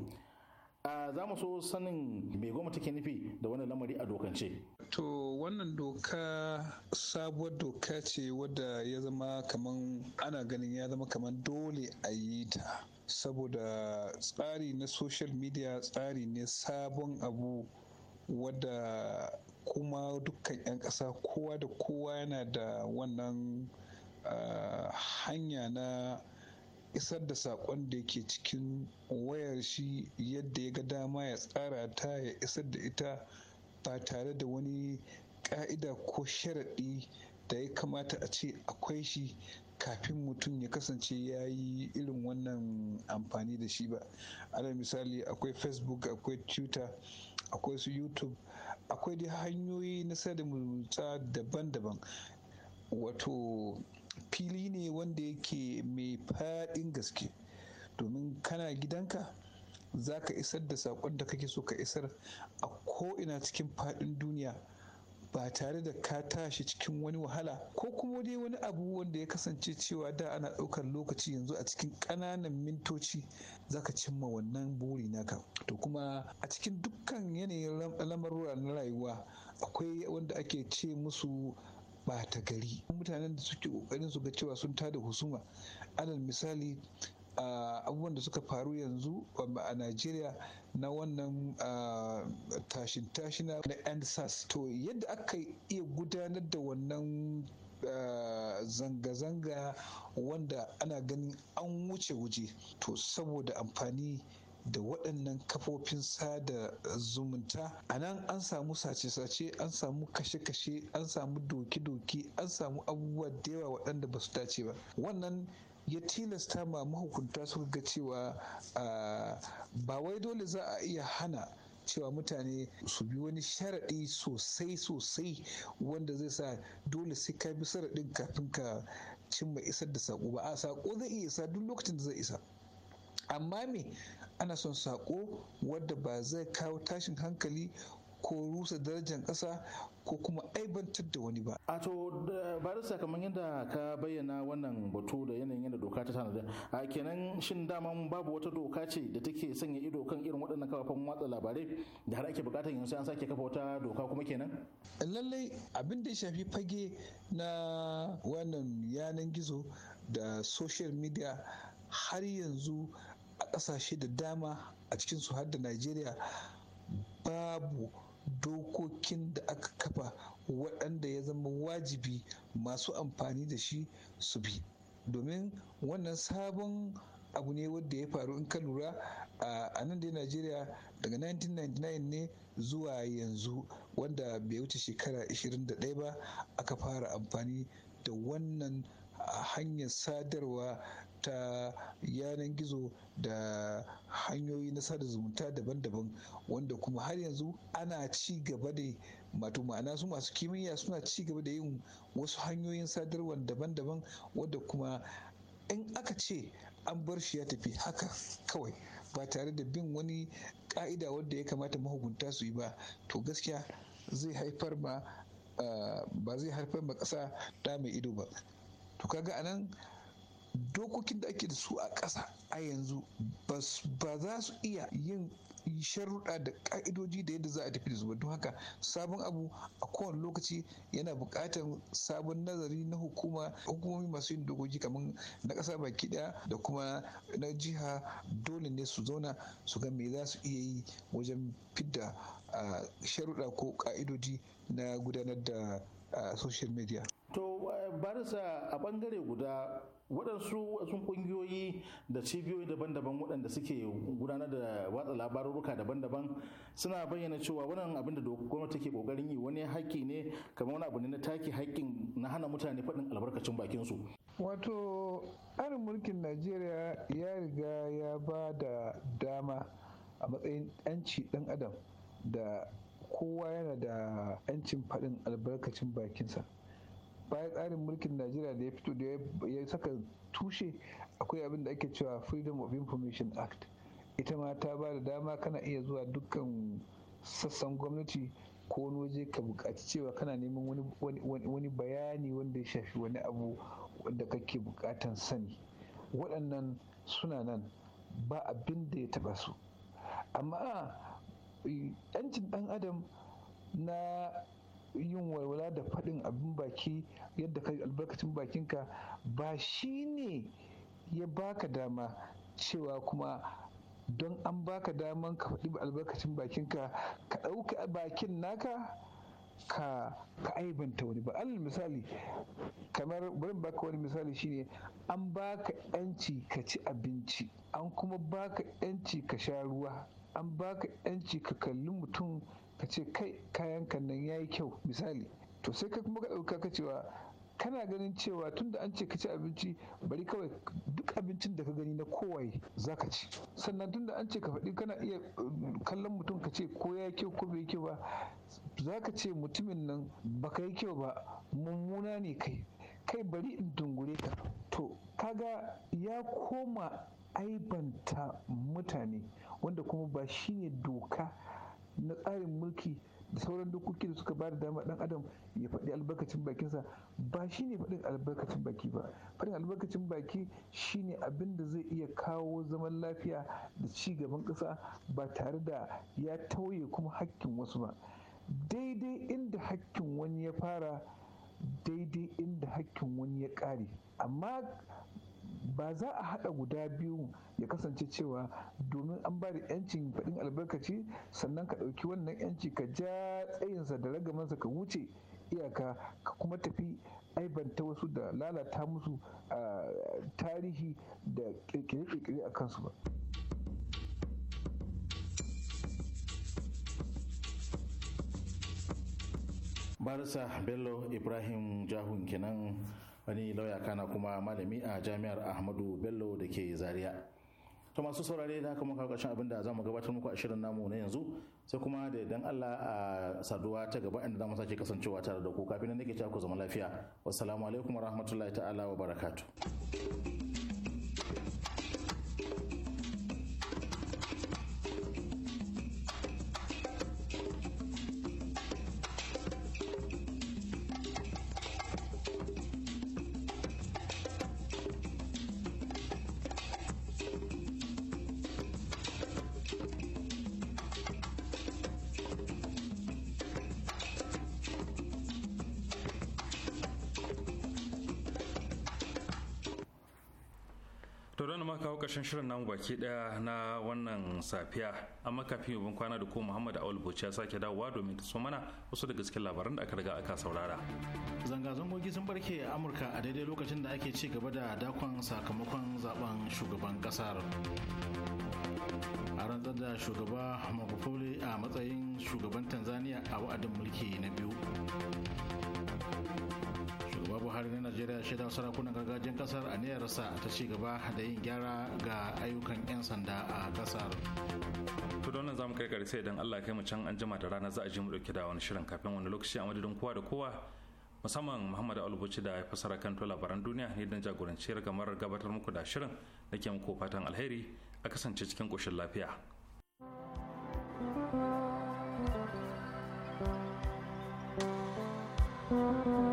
[SPEAKER 4] a za mu so sanin me gwamnati ke nufi da wannan lamari a dokance
[SPEAKER 11] to wannan doka sabuwar doka ce wadda ya zama kaman ana ganin ya zama kaman dole a yi ta saboda tsari na social media tsari ne sabon abu wadda kuma dukkan 'yan ƙasa kowa da kowa yana da wannan uh, hanya na isar da saƙon da yake cikin wayar shi yadda ya ga dama ya tsara ta ya isar da ita ba tare da wani ƙa'ida ko sharaɗi da ya kamata a ce akwai shi kafin mutum ya kasance ya yi irin wannan amfani da shi ba ana misali akwai facebook akwai twitter akwai su youtube akwai da hanyoyi na sada zumunta daban-daban wato fili ne wanda yake mai faɗin gaske domin kana gidanka za ka isar da saƙon da kake so ka isar a ko'ina cikin faɗin duniya ba tare da ka tashi cikin wani wahala ko kuma dai wani abu wanda ya kasance cewa da ana ɗaukar lokaci yanzu a cikin ƙananan mintoci Za ka cimma wannan buri naka to kuma a cikin dukkan yanayin lamarura na rayuwa akwai wanda ake ce musu ɓata gari mutanen da suke ƙoƙarin su ga cewa sun tada husuma alal misali abubuwan da suka faru yanzu a Najeriya na wannan tashin tashina na NSAS. To yadda aka iya gudanar da wannan zanga-zanga wanda ana ganin an wuce waje to saboda amfani da waɗannan kafofin sada zumunta a nan an samu sace-sace an samu kashe-kashe an samu doki-doki an samu abubuwa da yawa waɗanda ba su dace ba wannan ya tilasta ma mahukunta suka ga cewa ba wai dole za a iya hana cewa mutane su bi wani sharaɗi sosai sosai wanda zai sa dole sai ka bi sharaɗin kafin ka cimma isar da saƙo ba a saƙo zai iya isa duk lokacin da zai isa amma me ana son saƙo wadda ba zai kawo tashin hankali ko rusa darajar ƙasa ko kuma aibantar da wani ba. A to
[SPEAKER 4] barista kamar yadda ka bayyana wannan batu da yanayin yadda doka ta tanada a kenan shin daman babu wata doka ce da take sanya ido kan irin waɗannan kafafen watsa labarai da har ake buƙatar yanzu an sake kafa wata doka kuma kenan?
[SPEAKER 11] Lallai abin da ya shafi fage na wannan yanan gizo da social media har yanzu a kasashe da dama a cikin su har da Najeriya babu dokokin da aka kafa waɗanda ya zama wajibi masu amfani da shi su bi domin wannan sabon abu ne wanda ya faru in ka lura a nan dai najeriya daga 1999 ne zuwa yanzu wanda bai wuce shekara 21 ba aka fara amfani da wannan hanyar sadarwa ta yanar gizo da hanyoyi na sada zumunta daban-daban wanda kuma har yanzu ana ci gaba da mato ma'ana su masu kimiyya suna ci gaba da yin wasu hanyoyin sadarwa daban-daban wadda kuma in aka ce an bar shi ya tafi haka kawai ba tare da bin wani ka'ida wanda ya kamata mahukunta su yi ba to gaskiya zai haifar ma eh, ba zai haifar ma ƙasa ta mai ido ba to kaga anan dokokin da ake da su a ƙasa a yanzu ba za su iya yin sharuɗa da ƙa'idoji da yadda za a tafi da su ba don haka sabon abu a kowane lokaci yana buƙatar sabon nazari na hukuma hukumomi masu yin dokoki kamar na ƙasa baki ɗaya da kuma na jiha dole ne su zauna su ga me za su iya yi wajen fidda ah, sharuɗa ko ƙa'idoji na gudanar da ah, social media. to
[SPEAKER 4] eh, barisa a
[SPEAKER 11] bangare guda waɗansu wasu ƙungiyoyi da
[SPEAKER 4] cibiyoyi daban-daban waɗanda suke gudanar da watsa labaruruka daban-daban suna bayyana cewa wannan abin da gwamnati take ƙoƙarin yi wani haƙƙi ne kamar wani abu ne na take haƙƙin na hana mutane faɗin albarkacin bakin su.
[SPEAKER 11] wato arin mulkin najeriya ya riga ya ba da dama a matsayin 'yanci ɗan adam da kowa yana da 'yancin faɗin albarkacin bakinsa. baya tsarin mulkin najeriya da ya fito da ya saka tushe akwai abin da ake cewa freedom of information act ita ma ta ba da dama kana iya zuwa dukkan sassan gwamnati ko wani waje ka bukaci cewa kana neman wani bayani wanda ya shafi wani abu da kake bukatan sani waɗannan suna nan ba abin da ya taba su amma eh, 'yancin ɗan adam na yin walwala da faɗin abin baki yadda ka yi albarkacin bakinka ba shi ne ya baka dama cewa kuma don an baka daman ka faɗi albarkacin bakinka ka ɗauka bakin naka ka ka aibanta wani ba alal misali kamar bari baka wani misali shine an baka yanci ka ci abinci an kuma baka yanci ka sha ruwa an baka yanci ka kalli mutum ka ce kai kayan kan nan yi kyau misali to sai ka kuma ka ɗauka ka cewa kana ganin cewa tun da an ce ka ci abinci bari kawai duk abincin da ka gani na kowaye za ka ci sannan tun da an ce ka faɗi kana iya um, kallon mutum ka ce ko ya kyau ko bai kyau ba za ka ce mutumin nan ba ka yi kyau ba mummuna ne kai kai bari in dungure ka to kaga ya koma aibanta mutane wanda kuma ba shine doka na tsarin mulki da sauran dokoki da suka ba da dama dan adam ya faɗi albarkacin bakinsa ba shi ne faɗin albarkacin baki ba faɗin albarkacin baki shine abin da zai iya kawo zaman lafiya da ci gaban ƙasa ba tare da ya tauye kuma hakkin wasu ba daidai inda hakkin wani ya fara daidai inda hakkin wani ya ƙare amma ba za a haɗa guda biyu ya kasance cewa domin an ba da yancin faɗin albarkaci sannan ka ɗauki wannan yanci ka ja tsayinsa da ragamansa ka wuce iyaka ka kuma tafi aibanta wasu da lalata musu a tarihi da kirkire-kirkire a kansu ba.
[SPEAKER 4] barisa bello ibrahim jahun kenan wani lauya kana kuma malami a jami'ar ahmadu bello da ke zaria to masu saurare da haka muka karshen abin da za mu gabatar muku a shirin namu na yanzu sai kuma da dan Allah a saduwa ta gaba inda za mu sake kasancewa tare da ku kafin nan ta ku zama lafiya wassalamu alaikum warahmatullahi ta'ala wa barakatuh
[SPEAKER 3] ƙarshen shirin nan baki daya na wannan safiya amma kafin yobin kwana da ko muhammad awal buci ya sake dawowa domin ta mana wasu daga cikin labaran da aka riga aka saurara
[SPEAKER 4] zanga-zangogi sun barke a amurka a daidai lokacin da ake ci gaba da dakon sakamakon zaben shugaban kasar a rantsar da shugaba magufuli a matsayin shugaban tanzania a wa'adin mulki na biyu buhari na najeriya shaida sarakunan gargajiyar kasar a niyarsa ta ci gaba da yin gyara ga ayyukan 'yan sanda a kasar
[SPEAKER 3] to don nan zamu kai karshe idan allah kai mu can an jima da rana za a je mu dauke da wani shirin kafin wani lokaci a madadin kowa da kowa musamman muhammad alubuci da ya fassara kan to labaran duniya ne don jagoranci gamar gabatar muku da shirin nake muku fatan alheri a kasance cikin koshin lafiya thank you